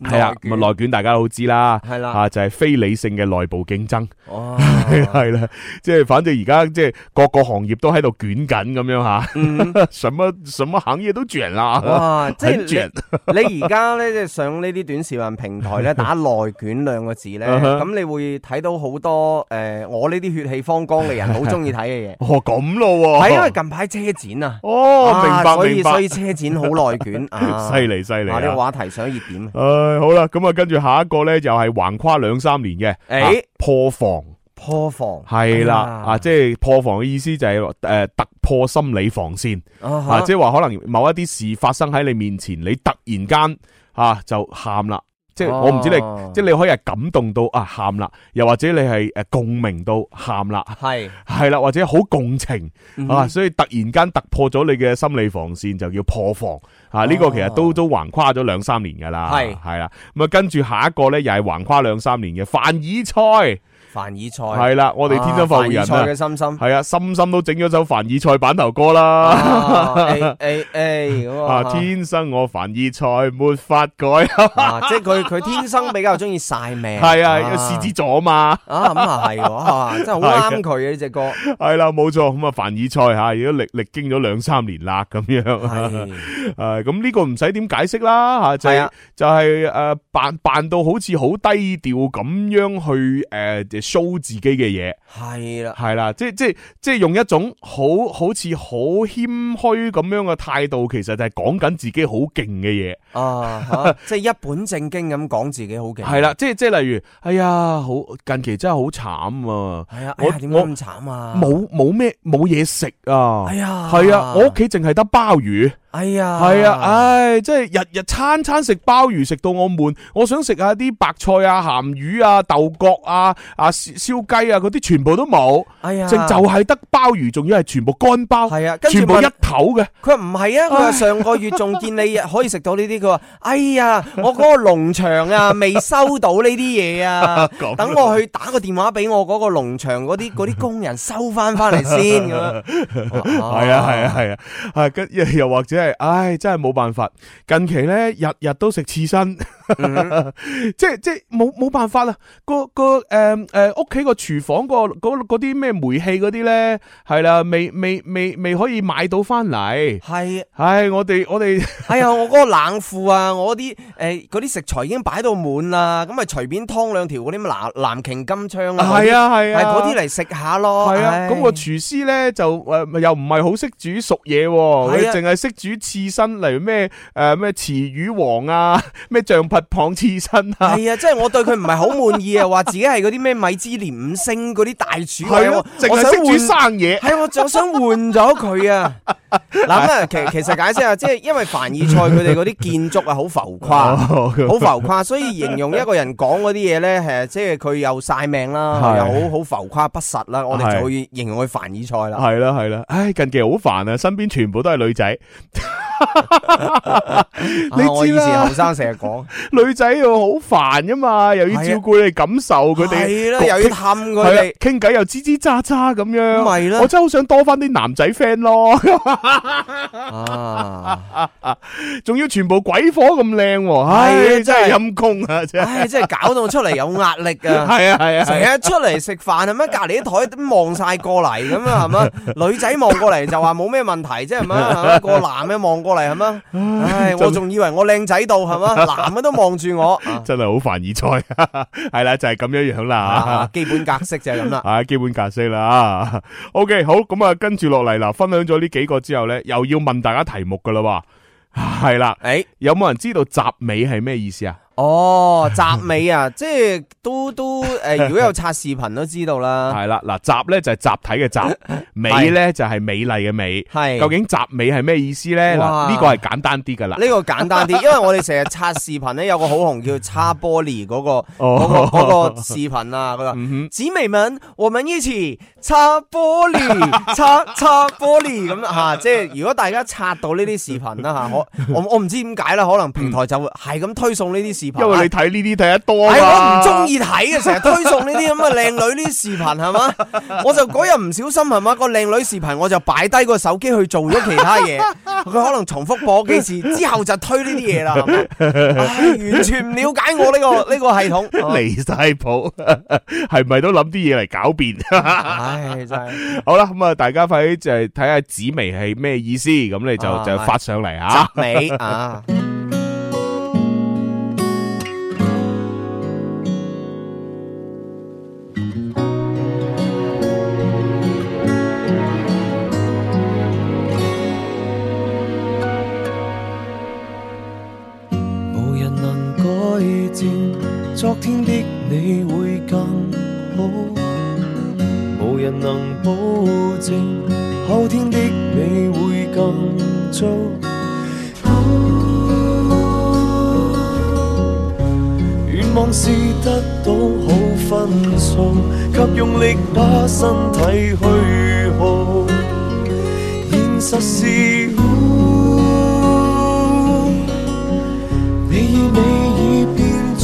係啊，內卷，大家都知啦，係啦，吓就係非理性嘅內部競爭，哦，係啦，即係反正而家即係各個行業都喺度卷緊咁樣吓，什麼什麼行業都卷啦，哇，即係你而家咧即係上呢啲短視頻平台咧打內卷兩個字咧，咁你會睇到好多誒，我呢啲血氣方剛嘅人好中意睇嘅嘢，哦，咁咯、啊，係因為近排車展啊，哦，明白，啊、所以所以車展好內卷啊，犀利犀利，呢個話題上熱點啊。好啦，咁啊，跟住下一個咧，就係橫跨兩三年嘅誒破防，破防，係啦啊，即係破防嘅意思就係誒突破心理防線啊，即係話可能某一啲事發生喺你面前，你突然間吓就喊啦。即係我唔知你，哦、即係你可以係感動到啊喊啦，又或者你係誒、啊、共鳴到喊啦，係係啦，或者好共情、嗯、啊，所以突然間突破咗你嘅心理防線就叫破防、哦、啊！呢、這個其實都都橫跨咗兩三年噶啦，係係啦，咁啊跟住下一個咧又係橫跨兩三年嘅凡爾賽。凡爾賽係啦，我哋天生凡人啊嘅心心，係啊，心心都整咗首凡爾賽版頭歌啦。誒誒誒，天生我凡爾賽，沒法改。即係佢佢天生比較中意晒命。係啊，要獅子座嘛。啊咁啊係，真係好啱佢嘅呢隻歌。係啦，冇錯。咁啊，凡爾賽吓，如果歷歷經咗兩三年啦，咁樣。係。誒，咁呢個唔使點解釋啦吓，就就係誒扮扮到好似好低調咁樣去誒。show 自己嘅嘢係啦，係啦，即係即係即係用一種好好似好謙虛咁樣嘅態度，其實就係講緊自己好勁嘅嘢啊！啊 <laughs> 即係一本正經咁講自己好勁。係啦，即係即係例如，哎呀，好近期真係好慘啊！係啊，我我咁慘啊，冇冇咩冇嘢食啊！哎呀，係、哎、啊，我屋企淨係得鮑魚哎呀。哎呀，係啊、哎，唉，即係日日餐餐食鮑魚，食到我悶，我想食下啲白菜啊、鹹魚啊、豆角啊、啊。燒雞啊，嗰啲全部都冇，剩就係得鮑魚，仲要係全部乾鮑，係啊，全部一頭嘅。佢話唔係啊，佢話上個月仲見你可以食到呢啲，佢話，哎呀，我嗰個農場啊，未收到呢啲嘢啊，等我去打個電話俾我嗰個農場嗰啲嗰啲工人收翻翻嚟先咁樣。係啊，係啊，係啊，啊跟又或者係，唉，真係冇辦法。近期咧，日日都食刺身。即係即係冇冇辦法啦，個個誒誒屋企個廚房個嗰啲咩煤氣嗰啲咧，係啦，未未未未可以買到翻嚟，係係我哋我哋，哎呀，我嗰個冷庫啊，我啲誒啲食材已經擺到滿啦，咁咪隨便劏兩條嗰啲藍藍鰭金槍，係啊係啊，嗰啲嚟食下咯，咁個廚師咧就誒又唔係好識煮熟嘢，佢淨係識煮刺身，例如咩誒咩池魚王啊咩醬。拔蚌刺身啊！係啊，即係我對佢唔係好滿意 <laughs> 啊，話自己係嗰啲咩米芝蓮五星嗰啲大廚嚟。係咯，淨係識煮生嘢。係我就想換咗佢啊！諗啊， <laughs> 啊，其其實解釋下，即係因為凡爾賽佢哋嗰啲建築啊，好浮誇，好浮誇，所以形容一個人講嗰啲嘢咧，誒，即係佢又晒命啦，又好好浮誇不實啦，我哋就會形容佢凡爾賽啦。係啦係啦，唉、啊啊啊哎，近期好煩啊，身邊全部都係女仔。你知啦，後生成日講女仔又好煩吖嘛，又要照顧你感受佢哋，又要氹佢哋，傾偈又嘰嘰喳喳咁樣，咪啦！我真係好想多翻啲男仔 friend 咯，啊，仲要全部鬼火咁靚，係真係陰公啊！真係，唉，真係搞到出嚟有壓力啊，係啊係啊，成日出嚟食飯，係咪隔籬啲台都望晒過嚟咁啊？係咪女仔望過嚟就話冇咩問題，啫係咪啊？個男嘅望過。過嚟係嗎？唉，我仲以為我靚仔到係嗎？ <laughs> 男人都望住我， <laughs> 真係好凡爾賽。係 <laughs> 啦，就係咁樣樣啦、啊，基本格式就係咁啦。係、啊、基本格式啦。OK，好咁啊，跟住落嚟嗱，分享咗呢幾個之後咧，又要問大家題目噶 <laughs> 啦，係啦、欸，誒，有冇人知道集美係咩意思啊？哦，集美啊，即係都都誒，如果有刷視頻都知道啦。係啦，嗱，集咧就係集體嘅集，美咧就係美麗嘅美。係，究竟集美係咩意思咧？嗱，呢個係簡單啲噶啦。呢個簡單啲，因為我哋成日刷視頻咧，有個好紅叫擦玻璃嗰個嗰個嗰個視頻啊，嗰個。姐妹們，我們一起擦玻璃，擦擦玻璃咁啊！即係如果大家刷到呢啲視頻啦吓，我我我唔知點解啦，可能平台就會係咁推送呢啲。因為你睇呢啲睇得多啦，係我唔中意睇嘅，成日推送呢啲咁嘅靚女呢啲視頻係嘛，我就嗰日唔小心係嘛個靚女視頻，我就擺低個手機去做咗其他嘢，佢可能重複播幾次之後就推呢啲嘢啦，係咪？唉，完全唔了解我呢個呢個系統，離晒譜，係咪都諗啲嘢嚟狡辯？唉，真係好啦，咁啊，大家快啲就係睇下紫微係咩意思，咁你就就發上嚟啊，扎尾啊！證，昨天的你會更好，無人能保證後天的你會更糟，哦。願望是得到好分數，卻用力把身體虛耗，現實是，哦、你與你。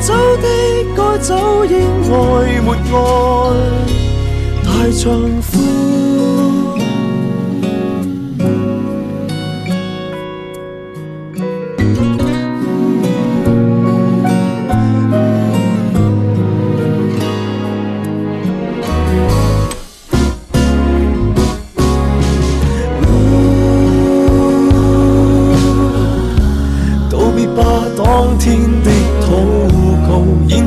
走的該走，應該愛沒愛，太殘酷。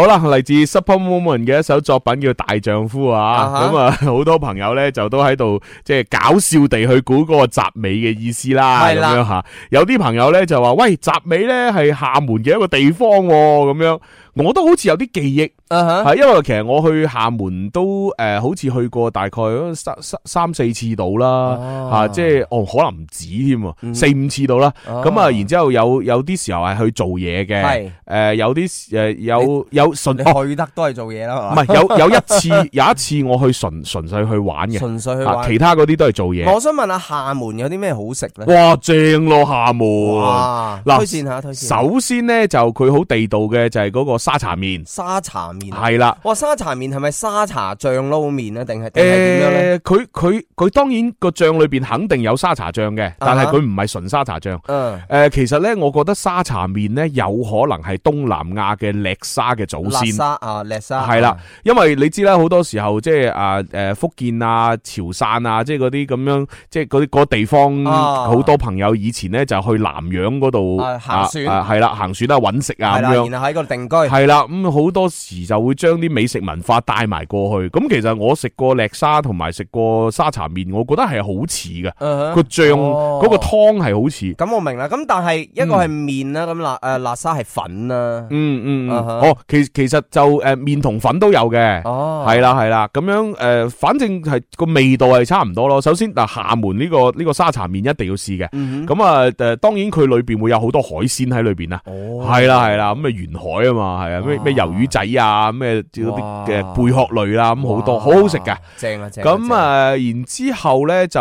好啦，嚟自 Superwoman 嘅一首作品叫《大丈夫》啊，咁啊、uh，好、huh. 嗯、多朋友咧就都喺度即係搞笑地去估嗰個集美嘅意思啦，咁、uh huh. 樣吓，有啲朋友咧就話喂集美咧係廈門嘅一個地方咁、啊、樣。我都好似有啲記憶，嚇，係因為其實我去廈門都誒，好似去過大概三三三四次到啦，嚇，即係哦，可能唔止添，四五次到啦。咁啊，然之後有有啲時候係去做嘢嘅，係誒有啲誒有有純去得都係做嘢啦，唔係有有一次有一次我去純純粹去玩嘅，純粹去玩，其他嗰啲都係做嘢。我想問下廈門有啲咩好食咧？哇，正咯廈門，推薦下推薦。首先咧就佢好地道嘅就係嗰個。沙茶麵，啊，哇沙茶麵係啦，哇！沙茶麵係咪沙茶醬撈麵啊？定係定係點樣咧？佢佢佢當然個醬裏邊肯定有沙茶醬嘅，但係佢唔係純沙茶醬。誒、啊哈呃，其實咧，我覺得沙茶麵咧，有可能係東南亞嘅叻沙嘅祖先。叻沙啊，叻沙係、啊、啦，因為你知啦，好多時候即係啊誒，福建啊、潮汕啊，即係嗰啲咁樣，即係嗰啲地方好多朋友以前咧就去南洋嗰度行船，係、啊、啦行船，船啊搵食啊咁樣，然後喺嗰度定居。係啦，咁好、嗯、多時就會將啲美食文化帶埋過去。咁、嗯、其實我食過叻沙同埋食過沙茶麵，我覺得係好似嘅，個醬嗰個湯係好似。咁我明啦。咁但係一個係麵啦，咁、嗯啊、辣誒瀨、呃、沙係粉啦、啊嗯。嗯嗯哦、uh huh.，其其實就誒麵同粉都有嘅。哦、oh.。係啦係啦，咁樣誒、呃，反正係個味道係差唔多咯。首先嗱，廈、呃、門呢、這個呢、這個這個沙茶麵一定要試嘅。咁啊、uh，誒、huh. 嗯，當然佢裏邊會有好多海鮮喺裏邊啊。哦。係啦係啦，咁啊沿海啊嘛。係啊，咩咩魷魚仔啊，咩啲嘅貝殼類啦，咁好多，好好食噶。正啊，正。咁啊，然之後咧就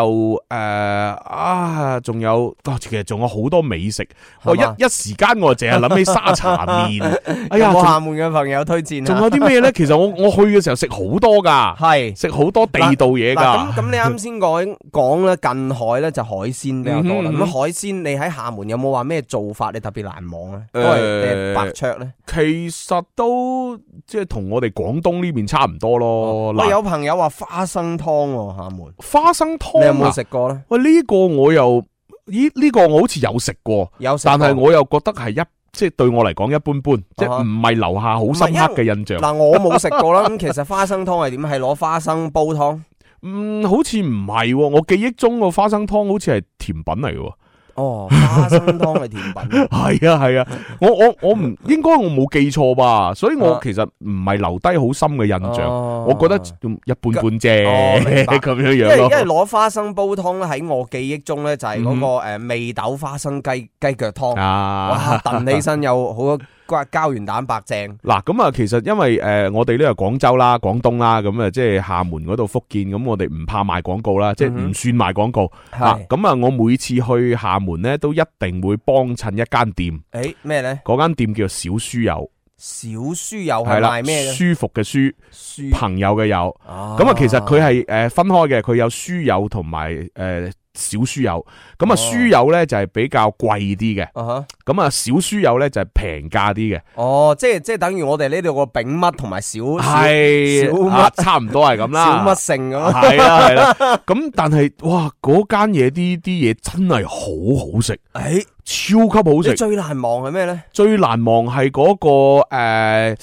誒啊，仲有啊，其實仲有好多美食。我一一時間我淨係諗起沙茶麵。哎呀，廈門嘅朋友推薦啊。仲有啲咩咧？其實我我去嘅時候食好多噶，係食好多地道嘢噶。咁咁，你啱先講講咧近海咧就海鮮比較多啦。咁海鮮你喺廈門有冇話咩做法你特別難忘咧？誒，白灼咧，其其實都即係同我哋廣東呢邊差唔多咯。喂、啊，有朋友話花生湯、啊，廈門花生湯，你有冇食過咧？喂、啊，呢、這個我又咦？呢、這個我好似有食過，有過，但係我又覺得係一即係對我嚟講一般般，即係唔係留下好深刻嘅印象。嗱、啊啊，我冇食過啦。咁 <laughs> 其實花生湯係點？係攞花生煲湯？嗯，好似唔係。我記憶中個花生湯好似係甜品嚟嘅。哦，花生湯係甜品係 <laughs> 啊，係啊，我我我唔應該我冇記錯吧，所以我其實唔係留低好深嘅印象，啊、我覺得一半半啫咁、哦、樣樣因為因為攞花生煲湯咧，喺我記憶中咧，就係嗰個誒味豆花生雞雞腳湯啊，哇燉起身有好多。膠原蛋白正嗱，咁啊，其實因為誒、呃，我哋呢個廣州啦、廣東啦，咁啊，即係廈門嗰度福建，咁我哋唔怕賣廣告啦，即係唔算賣廣告。吓咁是啊，我每次去廈門咧，都一定會幫襯一間店。誒、欸，咩咧？嗰間店叫做小書友。小書友係賣咩？舒服嘅書，書朋友嘅友。咁啊，其實佢係誒分開嘅，佢有書友同埋誒。呃小書友咁啊，書友咧就係比較貴啲嘅，咁啊、uh huh. 小書友咧就係平價啲嘅。哦、uh huh. oh，即係即係等於我哋呢度個餅乜同埋小係小乜是差唔多係咁啦，小乜性咁。係啦係啦，咁但係哇，嗰間嘢啲啲嘢真係好好食，誒、uh，huh. 超級好食。最難忘係咩咧？最難忘係嗰、那個誒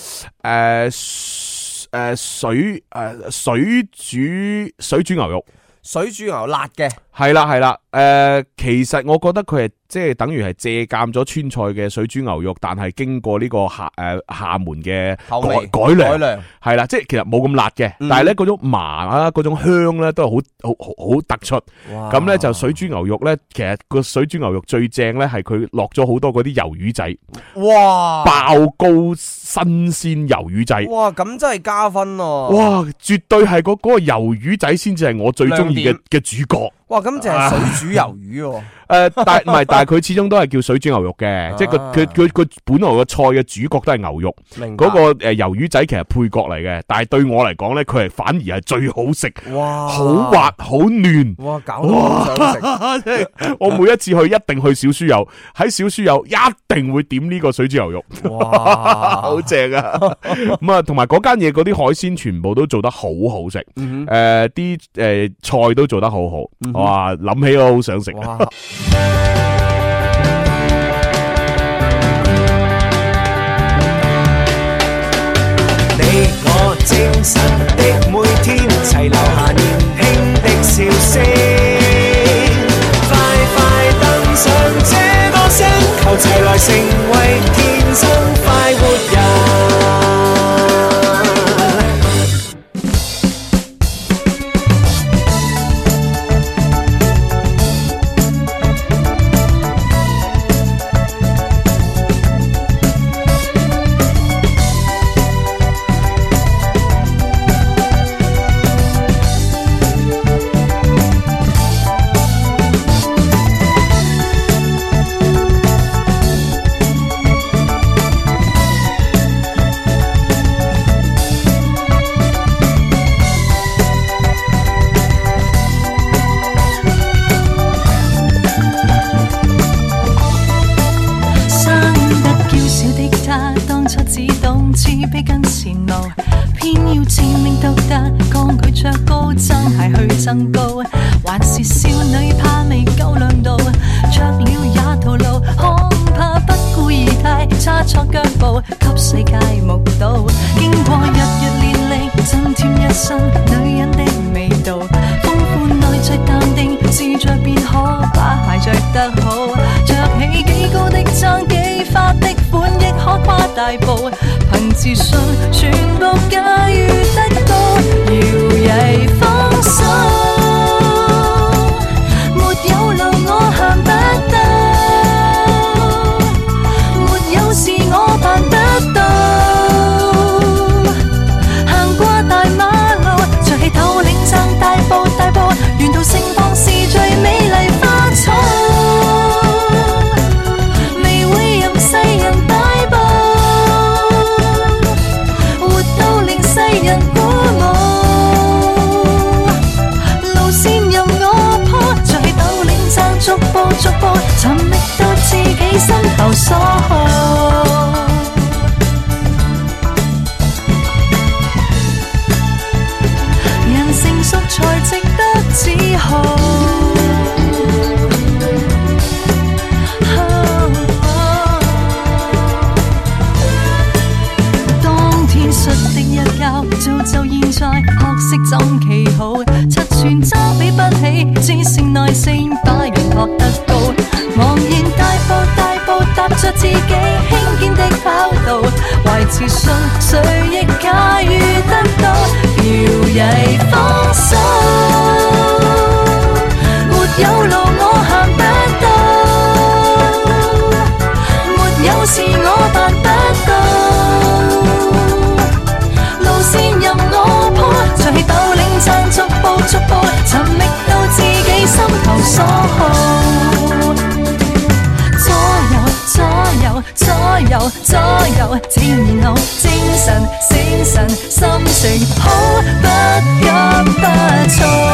誒誒水誒、呃、水煮水煮牛肉。水煮牛辣嘅、啊啊，係啦係啦，誒，其實我覺得佢係。即係等於係借鑑咗川菜嘅水煮牛肉，但係經過呢個廈、誒廈門嘅改味改良，係啦良，即係其實冇咁辣嘅，嗯、但係咧嗰種麻啊，嗰種香咧都係好好好突出。咁咧哇就水煮牛肉咧，其實個水煮牛肉最正咧係佢落咗好多嗰啲魷魚仔。哇！爆高新鮮魷魚仔。哇！咁真係加分咯、啊。哇！絕對係嗰嗰個魷魚仔先至係我最中意嘅嘅主角。哇！咁就係水煮魷魚喎、啊。誒、 <laughs> 呃，但唔係，但係佢始終都係叫水煮牛肉嘅，啊、即係佢佢佢佢本來個菜嘅主角都係牛肉。明白。嗰個誒魷魚仔其實配角嚟嘅，但係對我嚟講咧，佢係反而係最好食。哇！好滑，好嫩。哇！搞到我想食 <laughs> <laughs> 我每一次去一定去小書友，喺小書友一定會點呢個水煮牛肉。哇！ <laughs> 好正啊！咁啊，同埋嗰間嘢嗰啲海鮮全部都做得好好食。嗯啲誒、呃、菜都做得好好。嗯嗯。 <noise> 哇！諗起我都好想食。哇 <noise> 你我精神的每天，齊留下年輕的笑聲。快快登上這個星球，這來生。自己輕健的跑道，懷自信，誰亦駕馭得到，搖曳風騷。左右自然好，精神醒神，心情好，不急不躁。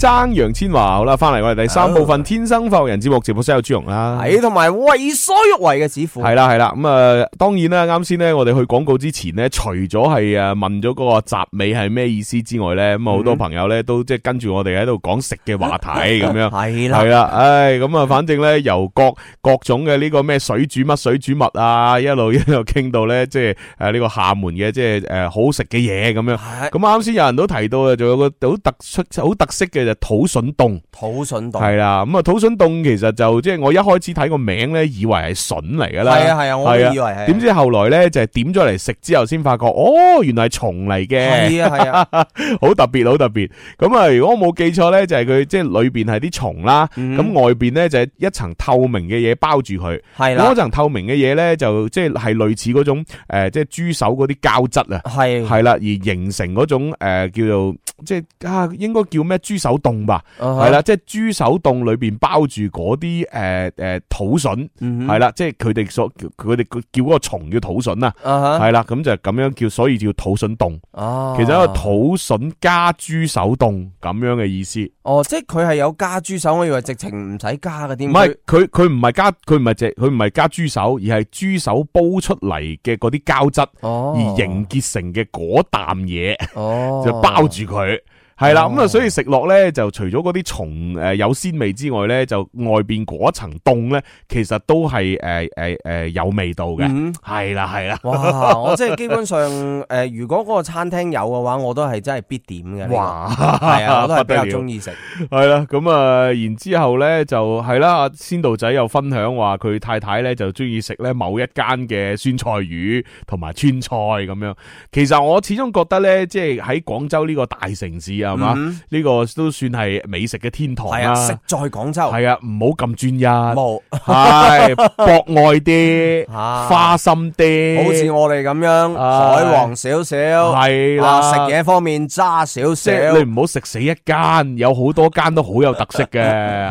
爭楊千嬅好啦，翻嚟，我哋第三部、哦、部分《天生富人》節目，節目先有朱融啦，係，同埋為所欲為嘅主婦，係啦係啦，咁啊、嗯，當然啦，啱先咧，我哋去廣告之前咧，除咗係啊問咗嗰個集美係咩意思之外咧，咁啊，好多朋友咧都即係跟住我哋喺度講食嘅話題咁、嗯、樣，係啦的，係啦的，唉、嗯，咁啊，反正咧，由各各種嘅呢個咩水煮乜水煮物啊，一路一路傾到咧，即係誒呢個廈門嘅即係誒好食嘅嘢咁樣，咁啱先有人都提到啊，仲有個好突出好特色嘅。土筍凍、嗯，土筍凍係啦，咁啊，土筍凍其實就即係、就是、我一開始睇個名咧，以為係筍嚟噶啦，係啊係啊，我以為係，點知的後來咧就係、是、點咗嚟食之後先發覺，哦，原來係蟲嚟嘅，係啊係啊，好特別好特別。咁啊，如果我冇記錯咧，就係、是、佢即係裏邊係啲蟲啦，咁、嗯、外邊咧就係一層透明嘅嘢包住佢，係啦的，嗰層透明嘅嘢咧就即係係類似嗰種誒、呃，即係豬手嗰啲膠質啊，係係啦，而形成嗰種誒叫做即係啊，應該叫咩豬手凍、嗯、吧，係啦，即係豬手凍裏邊包住嗰啲誒誒土笋，係啦，即係佢哋所叫佢哋叫嗰個蟲叫土笋啊，係啦，咁就咁樣叫，所以叫土笋凍。哦，其實一個土笋加豬手凍咁樣嘅意思。哦，即係佢係有加豬手，我以為直情唔使加嘅添。唔係它，佢佢唔係加，佢唔係只，佢唔係加豬手，而係豬手煲出嚟嘅嗰啲膠質，而凝結成嘅嗰啖嘢，哦、 <laughs> 就包住佢。哦係啦，咁啊，所以食落咧就除咗嗰啲蟲誒有鮮味之外咧，就外邊嗰一層凍咧，其實都係誒誒誒有味道嘅。係啦、嗯，係啦。哇 <laughs> 我即係基本上誒、呃，如果嗰個餐廳有嘅話，我都係真係必點嘅。哇！係啊， <laughs> 我都係比較中意食。係啦， <laughs> 咁啊、呃，然之後咧就係啦、啊，仙道仔又分享話佢太太咧就中意食咧某一間嘅酸菜魚同埋川菜咁樣。其實我始終覺得咧，即係喺廣州呢個大城市啊。係嘛？呢個都算係美食嘅天堂。係啊，食在廣州。係啊，唔好咁專一，冇，係博愛啲，花心啲。好似我哋咁樣，海王少少，係啦，食嘢方面渣少少。你唔好食死一間，有好多間都好有特色嘅。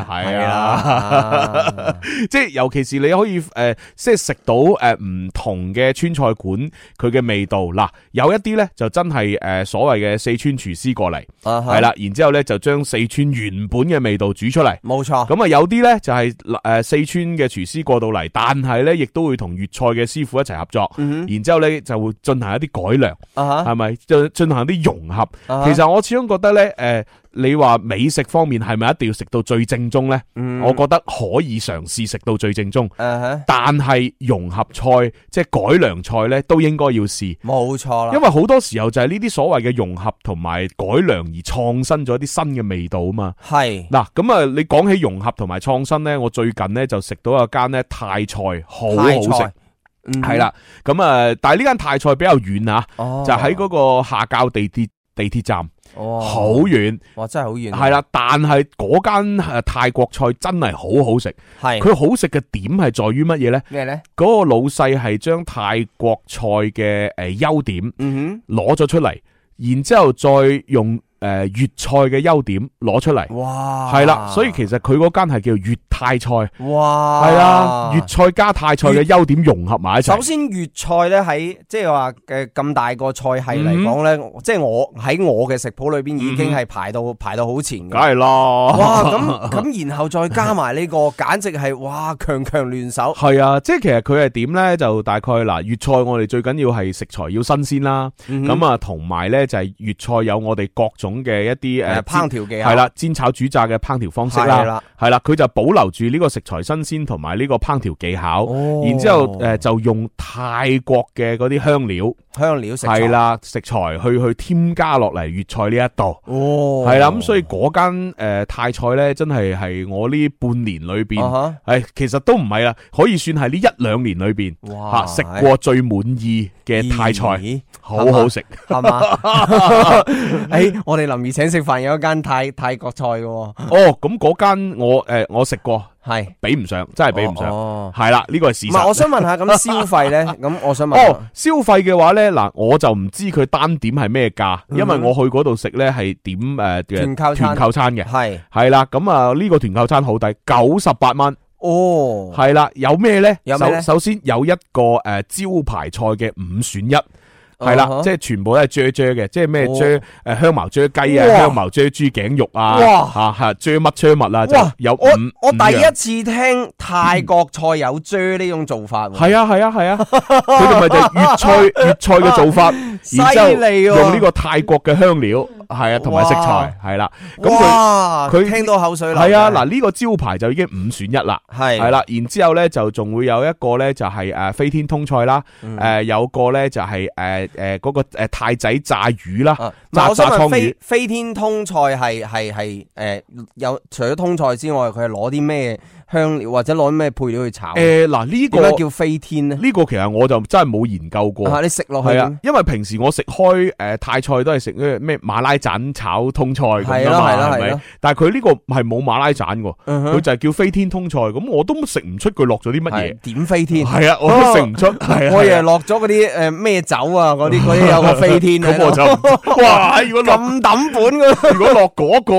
係啊，即係尤其是你可以誒，即係食到誒唔同嘅川菜館，佢嘅味道嗱，有一啲咧就真係誒所謂嘅四川廚師過嚟。係啦，然之後咧就將四川原本嘅味道煮出嚟，冇錯。咁啊有啲咧就係誒四川嘅廚師過到嚟，但係咧亦都會同粵菜嘅師傅一齊合作。嗯、哼然之後咧就會進行一啲改良，係咪、啊哈？進進行一啲融合。啊、哈其實我始終覺得咧，誒、呃。你話美食方面係咪一定要食到最正宗呢？嗯、我覺得可以嘗試食到最正宗，uh huh. 但係融合菜即係改良菜呢，都應該要試，冇錯啦。因為好多時候就係呢啲所謂嘅融合同埋改良而創新咗啲新嘅味道啊嘛。係嗱是，咁啊、嗯、你講起融合同埋創新呢，我最近呢就食到一間咧泰，泰菜，好好食，係、hmm. 啦。咁、嗯、啊，但係呢間泰菜比較遠啊，oh. 就喺嗰個下滘地鐵地鐵站。哇，好遠、哦！遠哇，真係好遠。係啦，但係嗰間誒泰國菜真係好是好食。係，佢好食嘅點係在於乜嘢呢？咩呢？嗰個老細係將泰國菜嘅誒優點，嗯哼，攞咗出嚟，然之後再用。誒，粵菜嘅優點攞出嚟，哇係啦，所以其實佢嗰間係叫粵泰菜，哇係啊，粵菜加泰菜嘅優點融合埋一齊。首先粵菜咧喺即係話誒咁大個菜係嚟講咧，即係我喺我嘅食譜裏邊已經係排到排到好前嘅，梗係咯。哇，咁咁然後再加埋呢個，簡直係哇強強聯手。係啊，即係其實佢係點咧？就大概嗱，粵菜我哋最緊要係食材要新鮮啦，咁啊同埋咧就係粵菜有我哋各種。嘅一啲誒烹調技巧係啦，煎炒煮，炒煮炸嘅烹調方式啦，係啦的，佢就保留住呢個食材新鮮同埋呢個烹調技巧，哦、然之後誒就用泰國嘅嗰啲香料、香料係啦食材去去添加落嚟粵菜呢一度，係啦、哦，咁所以嗰間、呃、泰菜咧真係係我呢半年裏邊，係、啊哈哎、其實都唔係啦，可以算係呢一兩年裏邊嚇食過最滿意嘅泰菜，誒好好食，係嘛？誒我。你哋林義請食飯有一間泰泰國菜喎，哦，咁嗰間我誒我食過，係比唔上，真係比唔上，哦，係啦，呢個係事實。我想問下咁消費呢？咁我想問哦，消費嘅話呢，嗱，我就唔知佢單點係咩價，因為我去嗰度食呢係點誒團購團購餐嘅，係係啦，咁啊呢個團購餐好抵，九十八蚊，哦，係啦，有咩呢？有首先有一個誒招牌菜嘅五選一。係啦，即係全部都係啫啫嘅，即係咩啫？誒、哦，香茅啫雞啊，哇香茅啫豬頸肉啊，吓吓啫乜啫乜啊，有五我，我第一次聽泰國菜有啫呢種做法。係啊係啊係啊，佢哋咪就粵菜粵菜嘅做法， <laughs> 然之後用呢個泰國嘅香料、啊。係啊，同埋食材係啦，咁佢佢聽到口水流。係啊，嗱、這、呢個招牌就已經五選一啦，係係啦，然之後咧就仲會有一個咧就係誒飛天通菜啦，誒、嗯呃、有個咧就係誒誒嗰個誒太仔炸魚啦、啊，炸炸湯魚飛天通菜係係係誒有除咗通菜之外，佢係攞啲咩？香料或者攞咩配料去炒？誒，嗱，呢個點解叫飛天咧？呢個其實我就真係冇研究過。你食落去啊？因為平時我食開誒泰菜都係食咩咩馬拉盞炒通菜咁啊嘛，係咪？但係佢呢個係冇馬拉盞㗎，佢就係叫飛天通菜。咁我都食唔出佢落咗啲乜嘢，點飛天？係啊，我都食唔出。我以為落咗嗰啲誒咩酒啊，嗰啲佢有個飛天。咁我就哇！如果咁抌本嘅，如果落嗰個，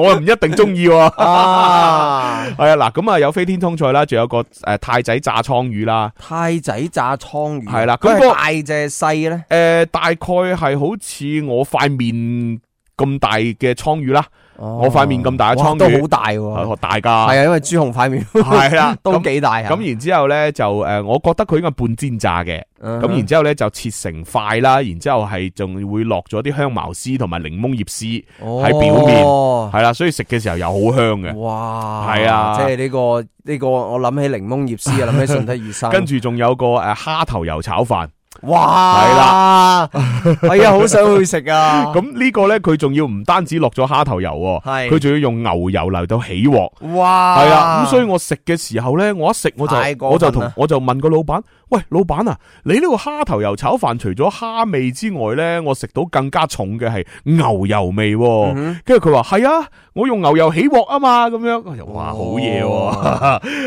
我又唔一定中意。啊，係啊，嗱咁啊。有飛天通菜啦，仲有個誒泰仔炸蒼魚啦。泰仔炸蒼魚係啦，咁佢大隻細咧？誒，大概係好似我塊面咁大嘅蒼魚啦。我塊面咁大嘅，倉都好大，啊啊，大家，啊，係啊，因為豬紅塊面係啦，都幾大，啊。咁然之後咧，就誒，我覺得佢應該半煎炸嘅。咁，嗯，哼然之後咧，就切成塊啦，然之後係仲會落咗啲香茅絲同埋檸檬葉絲喺表面，係啦，哦啊。所以食嘅時候又好香嘅。哇，係啊，即係呢個呢個，這個，我諗起檸檬葉絲啊，諗起順德魚生。 <laughs> 跟住仲有個誒蝦頭油炒飯。哇！係啦了，係呀，好想去食啊！咁呢個呢，佢仲要唔單止落咗蝦頭油，係佢仲要用牛油嚟到起鑊。哇！係啊，咁所以我食嘅時候呢，我一食我就我就同我就問個老板。喂，老闆啊，你呢個蝦頭油炒飯除咗蝦味之外呢，我食到更加重嘅係牛油味。跟住佢話係啊，嗯哼啊、我用牛油起鍋啊嘛，咁樣。哇，好嘢，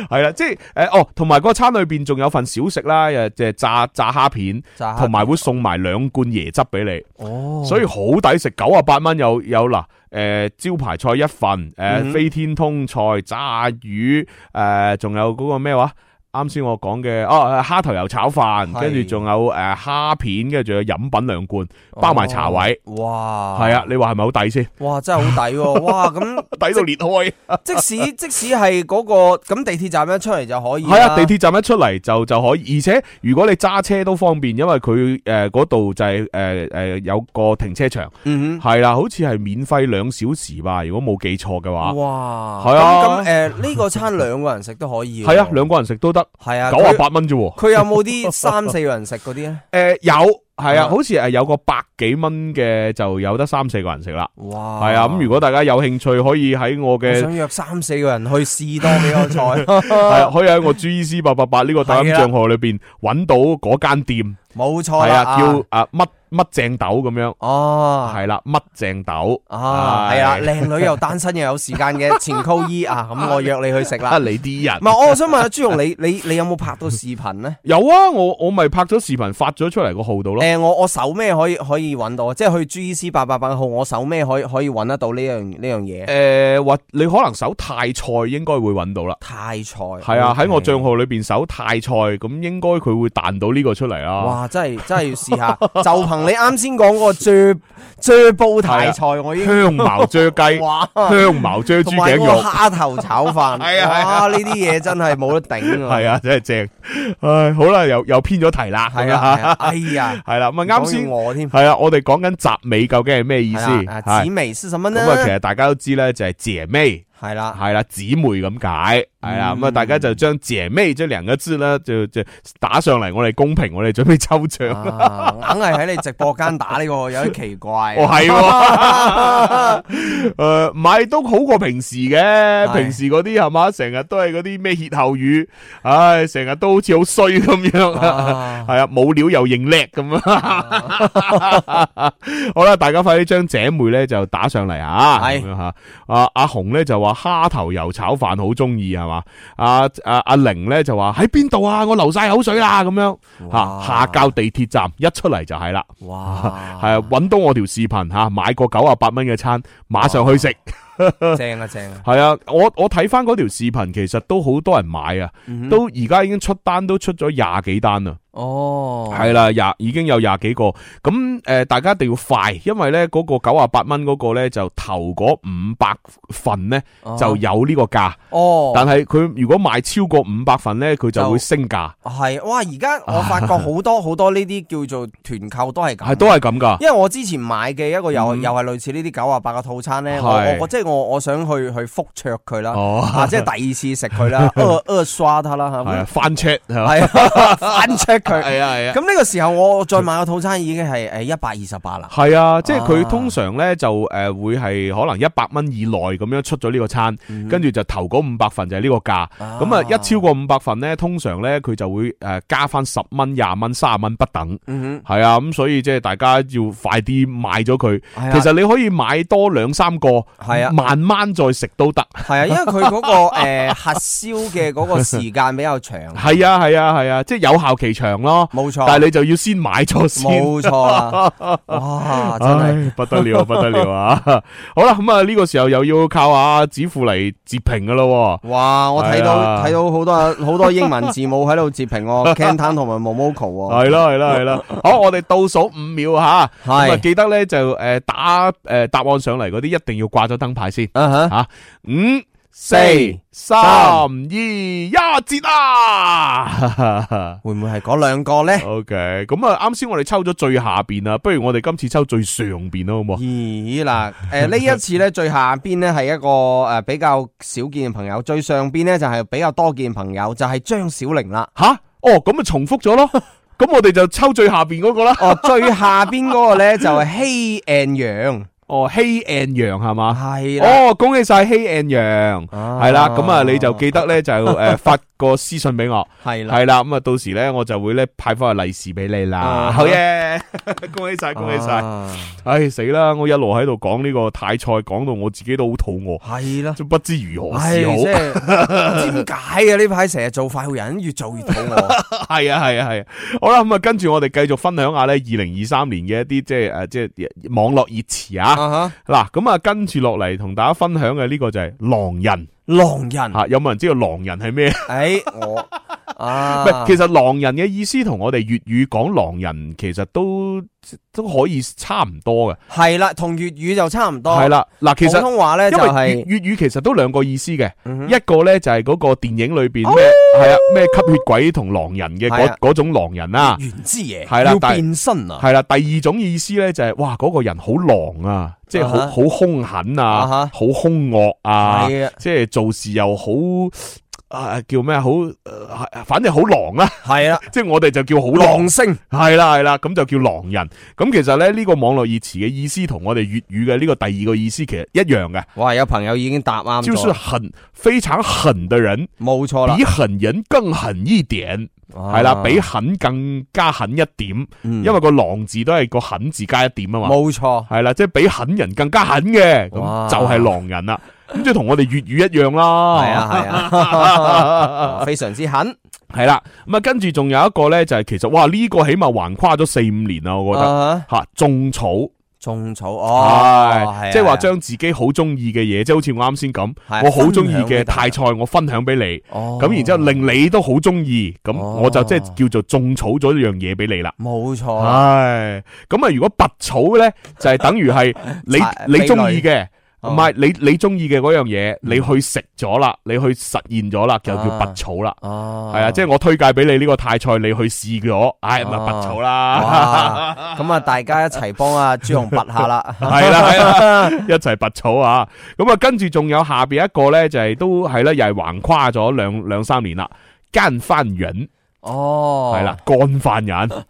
係啦，即係哦，同埋個餐裏邊仲有份小食啦，誒，即係炸炸蝦片，同埋會送埋兩罐椰汁俾你。哦，所以好抵食，九十八蚊有有嗱，誒招牌菜一份，誒飛天通菜、炸魚，誒仲有嗰個咩話？啱先我講嘅，哦蝦頭油炒飯，跟住仲有誒蝦片，跟住仲有飲品兩罐，包埋茶位。哇，係啊，你話係咪好抵先？哇，真係好抵，哇咁抵到裂開。即使即使係嗰個咁地鐵站一出嚟，就可以啦。係啊，地鐵站一出嚟就就可以，而且如果你揸車都方便，因為佢誒嗰度就係誒誒有個停車場。嗯哼，係啦，好似係免費兩小時吧？如果冇記錯嘅話。哇，係啊。咁誒呢個餐兩個人食都可以。係啊，兩個人食都得。係啊，九啊八蚊啫。佢有冇啲三四個人食嗰啲啊？誒，有係啊，好似係有個百幾蚊嘅就有得三四個人食啦。呃啊、哇，係啊，咁如果大家有興趣，可以喺我嘅想約三四個人去試多幾個菜、 <laughs> 啊，係可以喺我 G C 八八八呢個抖音賬號裏邊搵到嗰間店。冇錯係啊，叫啊乜乜正豆咁樣哦，係啦，乜正豆啊，係啊，靚女又單身又有時間嘅前 call E 啊，咁我約你去食啦。你啲人，唔係，我想問下朱紅，你你你有冇拍到視頻咧？有啊，我我咪拍咗視頻發咗出嚟個號度咯。誒，我我搜咩可以可以揾到？即係去 G C 八八八嘅號，我搜咩可以可以揾得到呢樣呢樣嘢？誒，或你可能搜泰菜應該會揾到啦。泰菜係啊，喺我賬號裏邊搜泰菜咁，應該佢會彈到呢個出嚟啦。真係真係要試下，就憑你啱先講個灼灼煲大菜，我已經香茅灼雞，香茅灼豬頸肉，蝦頭炒飯，哇！呢啲嘢真係冇得頂啊！係啊，真係正。唉，好啦，又又偏咗題啦。係啊，哎啊，係啦，咁啊啱先我添。係啊，我哋講緊集美究竟係咩意思？集美是什麼咧？咁啊，其實大家都知咧，就係姐妹。係啦，係啦，姊妹咁解。係啦，咁啊， <music> 嗯、大家就將姐妹將兩隻啦，就就打上嚟，我哋公平，我哋準備抽獎、啊。梗係喺你直播間打呢個，有啲奇怪、啊。 <laughs> 哦，係。誒，唔係都好過平時嘅，平時嗰啲係嘛，成日都係嗰啲咩歇後語，唉、哎，成日都好似好衰咁樣。係啊，冇、啊啊、料又認叻咁樣。 <laughs> 嗯、 <laughs> 好啦，大家快啲將姐妹咧就打上嚟啊！係是啊，阿阿紅咧就話蝦頭油炒飯好中意係嘛。阿阿阿玲咧就話喺邊度啊？我流晒口水啦、啊，咁樣吓哇下滘地鐵站一出嚟就係啦，係哇 <laughs> 啊，揾到我條視頻吓，買個九十八蚊嘅餐，馬上去食，哇 <laughs> 正啊，正啊！係 <laughs> 啊，我我睇翻嗰條視頻，其實都好多人買啊，嗯、哼都而家已經出單都出咗廿幾單啊。哦，係啦，廿已經有廿幾個咁誒，大家一定要快，因為咧嗰個九啊八蚊嗰個咧就頭嗰五百份咧就有呢個價，哦，但係佢如果賣超過五百份咧，佢就會升價。係，哇！而家我發覺好多好多呢啲叫做團購都係咁，係都係咁噶。因為我之前買嘅一個又又係類似呢啲九啊八嘅套餐咧，我即係我我想去去復卓佢啦，即係第二次食佢啦，二二刷它啦吓，翻車係嘛，翻車。係啊，咁呢個時候我再買個套餐已經係誒一百二十八啦。係啊，即係佢通常咧就誒會係可能一百蚊以內咁樣出咗呢個餐，跟住就頭嗰五百份就係呢個價。咁啊一超過五百份咧，通常咧佢就會誒加翻十蚊、廿蚊、三十蚊不等。嗯哼，係啊，咁所以即係大家要快啲買咗佢。其實你可以買多兩三個，係啊，慢慢再食都得。係啊，因為佢嗰個誒核銷嘅嗰個時間比較長。係啊，係啊，係啊，即係有效期長。咯，冇錯，但係你就要先買咗先，冇錯啦。哇，真係不得了，不得了啊！好啦，咁啊，呢個時候又要靠阿子付嚟截屏噶咯。哇，我睇到睇到好多好多英文字母喺度截屏哦，Canton 同埋 Momoko，係咯，係咯，係咯。好，我哋倒數五秒嚇，係記得咧就誒打誒答案上嚟嗰啲一定要掛咗燈牌先啊嚇嚇嗯。四、三、啊、二、一，接啦！會唔會係嗰兩個呢 OK 咁啊，啱先、okay, 嗯、我哋抽咗最下邊啊，不如我哋今次抽最上邊啦，好唔好？咦、 <laughs> 啊，嗱、呃，誒，呢一次呢，最下邊呢係一個誒比較少見嘅朋友，最上邊呢就係比較多見嘅朋友，就係、是、張小玲啦。吓、啊，哦，咁啊重複咗咯，咁 <laughs> 我哋就抽最下邊嗰個啦。 <laughs> 哦，最下邊嗰個呢，就係希、hey、and 楊。哦，希 and 姚係嘛，係啊！哦，恭喜晒希 and 姚，係啦，咁啊，你就記得咧就誒發個私信俾我，係啦，係啦，咁啊，到時咧我就會咧派翻個利是俾你啦，好嘢！恭喜晒，恭喜晒，唉死啦，我一路喺度講呢個泰菜，講到我自己都好肚餓，係啦，都不知如何是好。點解啊？呢排成日做快活人，越做越肚餓，係啊，係啊，係啊，好啦，咁啊，跟住我哋繼續分享下咧，二零二三年嘅一啲即係誒即係網絡熱詞啊。啊吓嗱，咁啊，uh-huh. 跟住落嚟同大家分享嘅呢個就係狼人。狼人吓、啊，有冇人知道狼人係咩？誒、欸，我，啊， <laughs> 我啊，其實狼人嘅意思同我哋粵語講狼人，其實都都可以差唔多嘅。係啦，同粵語就差唔多。係啦，嗱，其實普通話咧就係粵語，其實都兩個意思嘅。嗯、哼一個咧就係嗰個電影裏邊咩，係啊、哦，咩吸血鬼同狼人嘅嗰嗰種狼人啊，原知嘢係啦，的要變身啊。係啦，第二種意思咧就係、是、哇，嗰、那個人好狼，狼啊。即係好好凶狠啊，好、uh huh. 凶惡啊，uh huh. 即係做事又好誒、呃，叫咩好、呃？反正好狼啦，係啊！Uh huh. <laughs> 即係我哋就叫好狼，狼星，係啦係啦，咁就叫狼人。咁其實咧，呢個網絡熱詞嘅意思同我哋粵語嘅呢個第二個意思其實一樣嘅。哇！有朋友已經答啱咗，就算「狠，非常狠嘅人，冇錯啦，比狠人更狠一點。係啦哇，比狠更加狠一點，嗯、因為個狼字都係個狠字加一點啊嘛。冇錯錯，係啦，即係比狠人更加狠嘅，咁哇 就係狼人啦。咁即係同我哋粵語一樣啦。係啊，係啊， <laughs> 非常之狠。係啦，咁啊，跟住仲有一個咧、就係，就係其實哇，呢、這個起碼橫跨咗四五年啊，我覺得吓種、啊啊、草。種草哦，係即係話將自己好中意嘅嘢，即係好似我啱先咁，啊、我好中意嘅泰菜，我分享俾你，咁、哦、然之後令你都好中意，咁、哦、我就即係叫做種草咗一樣嘢俾你啦。冇錯，係咁啊！如果拔草咧， <laughs> 就係等於係你 <laughs> 悲慮 你中意嘅。唔係你你中意嘅嗰樣嘢，你去食咗啦，你去實現咗啦，就叫拔草啦。哦，係啊，啊即係我推介俾你呢個泰菜，你去試咗，唉、哎，唔係、啊、拔草啦。咁啊，大家一齊幫阿朱紅拔下啦。係 <laughs> 啦，係啦，一齊拔草啊。咁啊，跟住仲有下邊一個咧，就係都係咧，又係橫跨咗兩兩三年啦，乾飯人。哦，係啦，乾飯人，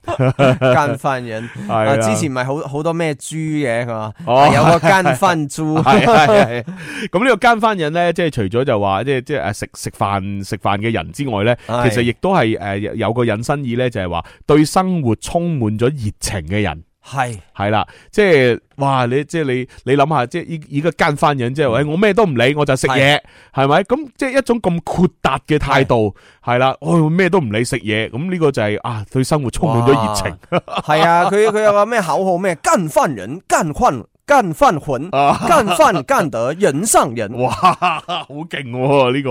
乾 <laughs> 飯人，係啊，之前咪好好多咩豬嘅，係嘛，有個乾飯豬，係係係。咁呢、這個乾飯人咧，即係除咗就話，即係即係啊食食飯食飯嘅人之外咧，是的 其實亦都係誒有個引申義咧，就係、是、話對生活充滿咗熱情嘅人。係係啦，即係哇！你即係你，你諗下，即係依依家乾飯人，即、哎、係我咩都唔理，我就食嘢，係咪的？咁即係一種咁豁達嘅態度，係啦的。我咩、哎、都唔理，食嘢。咁呢個就係、是、啊，對生活充滿咗熱情。係啊哇，佢佢有個咩口號咩？乾飯人，乾飯乾飯魂，乾飯乾得人上人。哇，好勁、啊！呢、這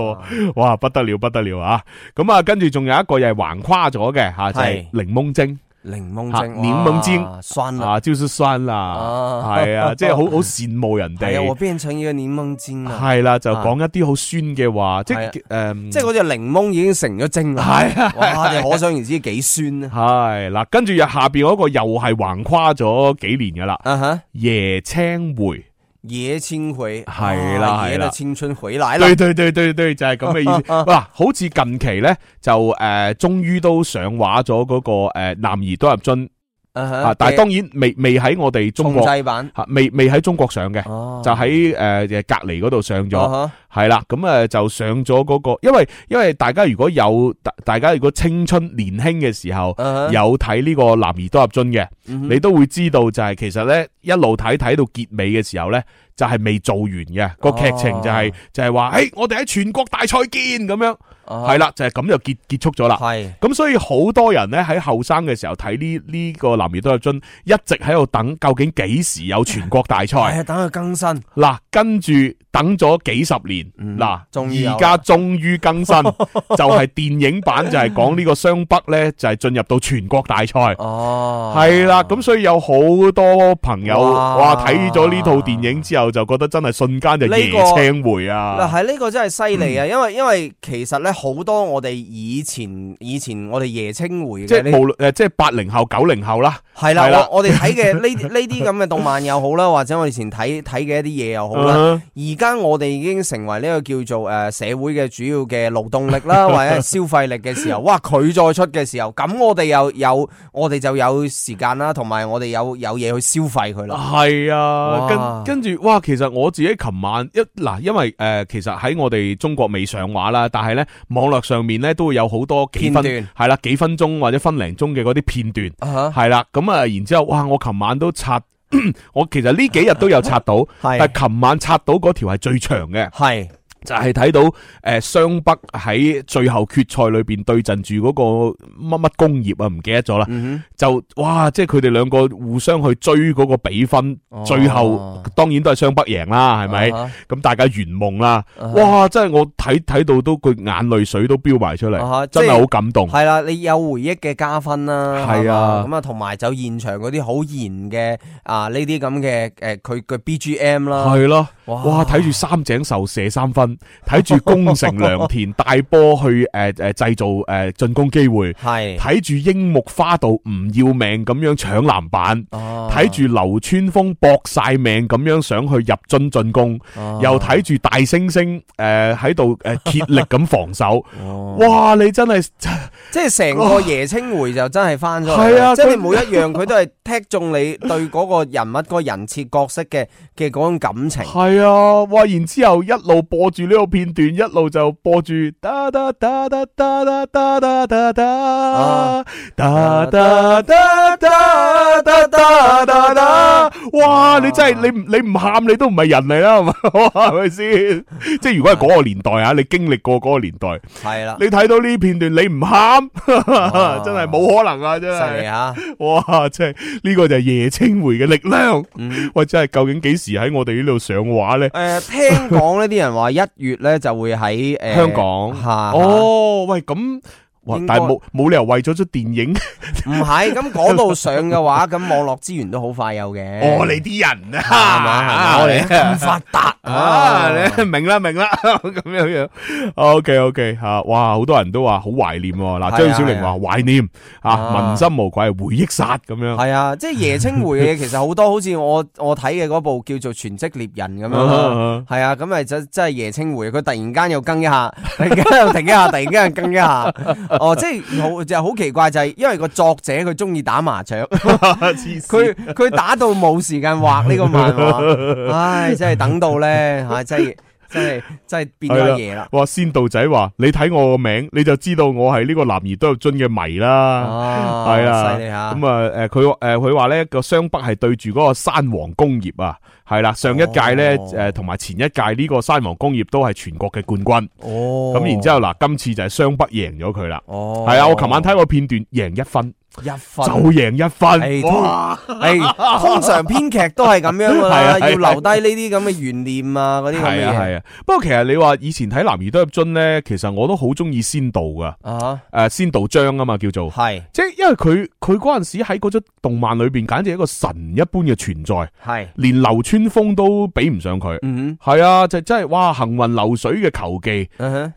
個哇，不得了，不得了啊！咁啊，跟住仲有一個又係橫跨咗嘅吓，就係、是、檸檬精。的檸檬精，檸檬精，酸啦，就是酸啦，係啊，即係好好羨慕人哋。我變成一個檸檬精啦，係啦，就講一啲好酸嘅話，即係誒，即係嗰隻檸檬已經成咗精啦，係啊，可想而知幾酸啦。係嗱，跟住又下邊嗰個又係橫跨咗幾年噶啦，椰青梅。爺青回係啦係啦，啊、青春回來啦。對對對對對，就係咁嘅意思。哇， <laughs> 好似近期咧就誒、呃，終於都上畫咗嗰、那個誒《男、呃、兒都入樽》啊， <laughs> 但係當然未未喺我哋中國製版吓、啊，未未喺中國上嘅， <laughs> 就喺誒隔籬嗰度上咗。 <laughs> <laughs> 係啦，咁誒就上咗嗰個，因為因為大家如果有大，大家如果青春年輕嘅時候有睇呢、呢個《男兒當入樽》嘅，你都會知道就係其實咧一路睇睇到結尾嘅時候咧，就係未做完嘅個、哦、劇情就係就係話誒，我哋喺全國大賽見咁樣。係啦，就係咁就結結束咗啦。係咁，所以好多人咧喺後生嘅時候睇呢呢個《男兒當入樽》，一直喺度等究竟幾時有全國大賽，嗯哼哎、等佢更新嗱，跟住等咗幾十年。嗱，而家終於更新， <laughs> 就係電影版就係講呢個雙北咧，就係、是、進入到全國大賽。哦、啊，係啦，咁所以有好多朋友哇睇咗呢套電影之後，就覺得真係瞬間就爺青回啊！嗱、這個，係呢個真係犀利啊！嗯、因為因為其實咧，好多我哋以前以前我哋爺青回嘅，即係無論誒，即係八零後九零後啦，係啦，我我哋睇嘅呢啲呢啲咁嘅動漫又好啦，或者我以前睇睇嘅一啲嘢又好啦，而家我哋已經成為。呢個叫做誒社會嘅主要嘅勞動力啦，或者係消費力嘅時候， <laughs> 哇！佢再出嘅時候，咁我哋又有，有我哋就有時間啦，同埋我哋有有嘢去消費佢啦。係啊，哇跟跟住哇！其實我自己琴晚一嗱，因為誒、呃，其實喺我哋中國未上畫啦，但係咧網絡上面咧都會有好多幾分片段，係啦、啊，幾分鐘或者分零鐘嘅嗰啲片段，係啦、啊哈，咁啊，然之後哇，我琴晚都刷。 <coughs> 我其實呢幾日都有刷到，是但係琴晚刷到嗰條係最長嘅。就係睇到誒，雙北喺最後決賽裏邊對陣住嗰個乜乜工業啊，唔記得咗啦。就哇，即係佢哋兩個互相去追嗰個比分，最後當然都係雙北贏啦，係咪？咁大家圓夢啦！哇，真係我睇睇到都個眼淚水都飆埋出嚟，真係好感動。係啦，你有回憶嘅加分啦。係啊，咁啊，同埋就現場嗰啲好燃嘅啊，呢啲咁嘅誒，佢佢嘅 BGM 啦。係咯，哇，睇住三井壽射三分。睇住攻城良田帶波去誒、誒，製造誒進攻機會，係睇住櫻木花道唔要命咁樣搶籃板，睇住流川楓搏晒命咁樣想去入樽進攻，又睇住大猩猩誒喺度誒竭力咁防守，哇！你真係即係成個夜青回就真係翻咗嚟，即係每一樣佢都係踢中你對嗰個人物個人設角色嘅嘅嗰種感情，係啊！哇！然之後一路播。住呢個片段一路就播住，噠噠噠噠噠噠噠噠噠噠，噠噠噠噠噠噠，哇！你真係你你唔喊你都唔係人嚟啦，係咪先？即係如果係嗰個年代啊，你經歷過嗰個年代，係啦，你睇到呢片段你唔喊，真係冇可能啊！真係，哇！即係呢個就係爺青回嘅力量，或者係究竟幾時喺我哋呢度上畫咧？誒，聽講呢啲人話一。七月咧就會喺誒、呃、香港嚇下下 哦，喂咁。但係冇冇理由為咗出電影？唔係咁講到上嘅話，咁網絡資源都好快有嘅。我哋啲人啊，我哋咁發達啊！明啦，明啦，咁樣樣。O K O K 吓，哇！好多人都話好懷念嗱，張小玲話懷念啊，問心無愧回憶殺咁樣。係啊，即係爺青回嘅嘢其實好多好似我我睇嘅嗰部叫做《全職獵人》咁樣。係啊，咁咪就即係爺青回，佢突然間又更一下，突然間又停一下，突然間又更一下。哦、 <music> 喔，即係好就係好奇怪就係，是，因為個作者佢中意打麻雀，佢佢 <laughs> 神經病笑打到冇時間畫呢個漫畫，唉，真係等到咧吓，即係即係即係變咗嘢啦。哇，仙道仔話你睇我個名，你就知道我係呢個男兒都有樽嘅迷啦，係啊，犀利咁啊，誒、啊，佢誒、嗯，佢話咧個雙北係對住嗰個山王工業啊。係啦，上一屆咧，誒、哦，同埋、呃、前一屆呢個山王工業都係全國嘅冠軍。哦，咁然之後嗱，今次就係湘北贏咗佢啦。哦，係啊，我琴晚睇個片段，贏一分。一分就贏一分，哇！通常編劇都係咁樣噶啦，要留低呢啲咁嘅懸念啊，嗰啲咁嘅嘢，係啊，不過其實你話以前睇《男兒都入樽》咧，其實我都好中意仙道噶，啊，誒，仙道章啊嘛叫做，係，即係因為佢佢嗰陣時喺嗰出動漫裏邊，簡直係一個神一般嘅存在，係，連流川楓都比唔上佢，嗯係啊，就真係哇行雲流水嘅球技，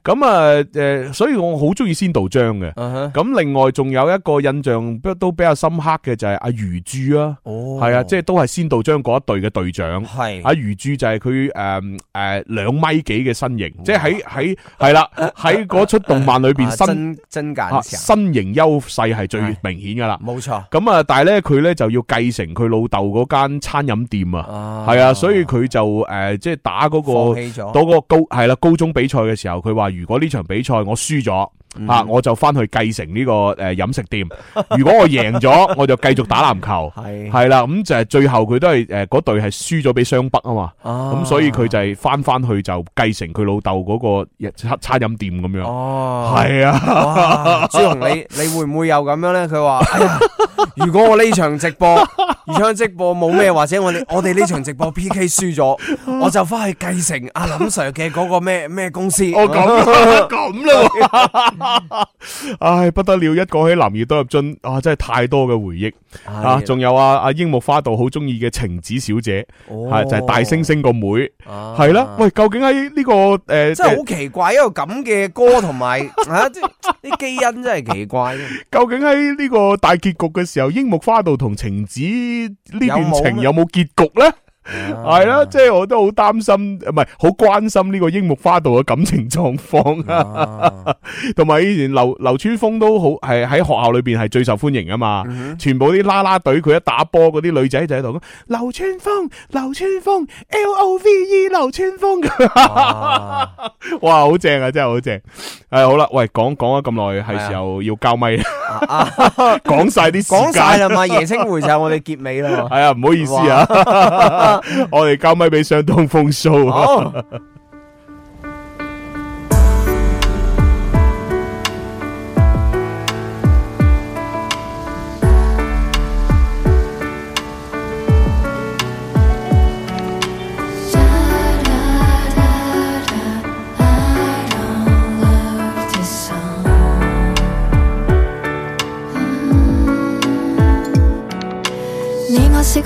咁啊誒，所以我好中意仙道章嘅，咁另外仲有一個印象。都比較深刻嘅就係阿魚住啊，係、哦、啊，即係都係仙道彰嗰一隊嘅隊長，係是阿魚住就係佢誒誒兩米幾嘅身形，哇 即係喺喺係啦，喺嗰、啊、出動漫裏邊、啊、身、啊、身形身形優勢係最明顯噶啦，冇錯。咁啊，但係咧佢咧就要繼承佢老豆嗰間餐飲店啊，係啊，所以佢就誒即係打嗰、那個嗰個高係啦、啊、高中比賽嘅時候，佢話如果呢場比賽我輸咗。吓，嗯、我就翻去繼承呢個誒飲食店。如果我贏咗， <laughs> 我就繼續打籃球。係係啦，咁就係最後佢都係誒嗰隊係輸咗俾湘北啊嘛。咁、啊、所以佢就係翻翻去就繼承佢老豆嗰個餐餐飲店咁樣。哦，係啊。啊朱龍，你你會唔會有咁樣咧？佢話、哎：如果我呢場直播，而家 <laughs> 直播冇咩， <laughs> 或者我哋我哋呢場直播 PK 輸咗，我就翻去繼承阿林 sir 嘅嗰個咩咩公司。哦咁、啊，咁啦。唉，不得了！一講起《男兒當入樽》，啊，真係太多嘅回憶啊！仲有啊阿櫻木花道好中意嘅晴子小姐，係就係大猩猩個妹，係啦。喂，究竟喺呢個誒，真係好奇怪，一個咁嘅歌同埋吓即啲基因真係奇怪。究竟喺呢個大結局嘅時候，櫻木花道同晴子呢段情有冇結局咧？係啦，即係、啊就是、我都好擔心，唔係好關心呢個櫻木花道嘅感情狀況啊。同埋依然，劉劉川峰都好係喺學校裏邊係最受歡迎啊嘛。嗯、全部啲啦啦隊，佢一打波嗰啲女仔就喺度咁。劉川峰，劉川峰 L O V E 劉川峰。L」o v e，峰哇，哇，好正啊，真係好正。誒、哎，好啦，喂，講講咗咁耐，係時候要交咪啦。講晒啲，講晒啦嘛，夜清回就我哋結尾啦。係啊，唔好意思啊。我哋 <laughs> 交咪俾相當風騷。啊！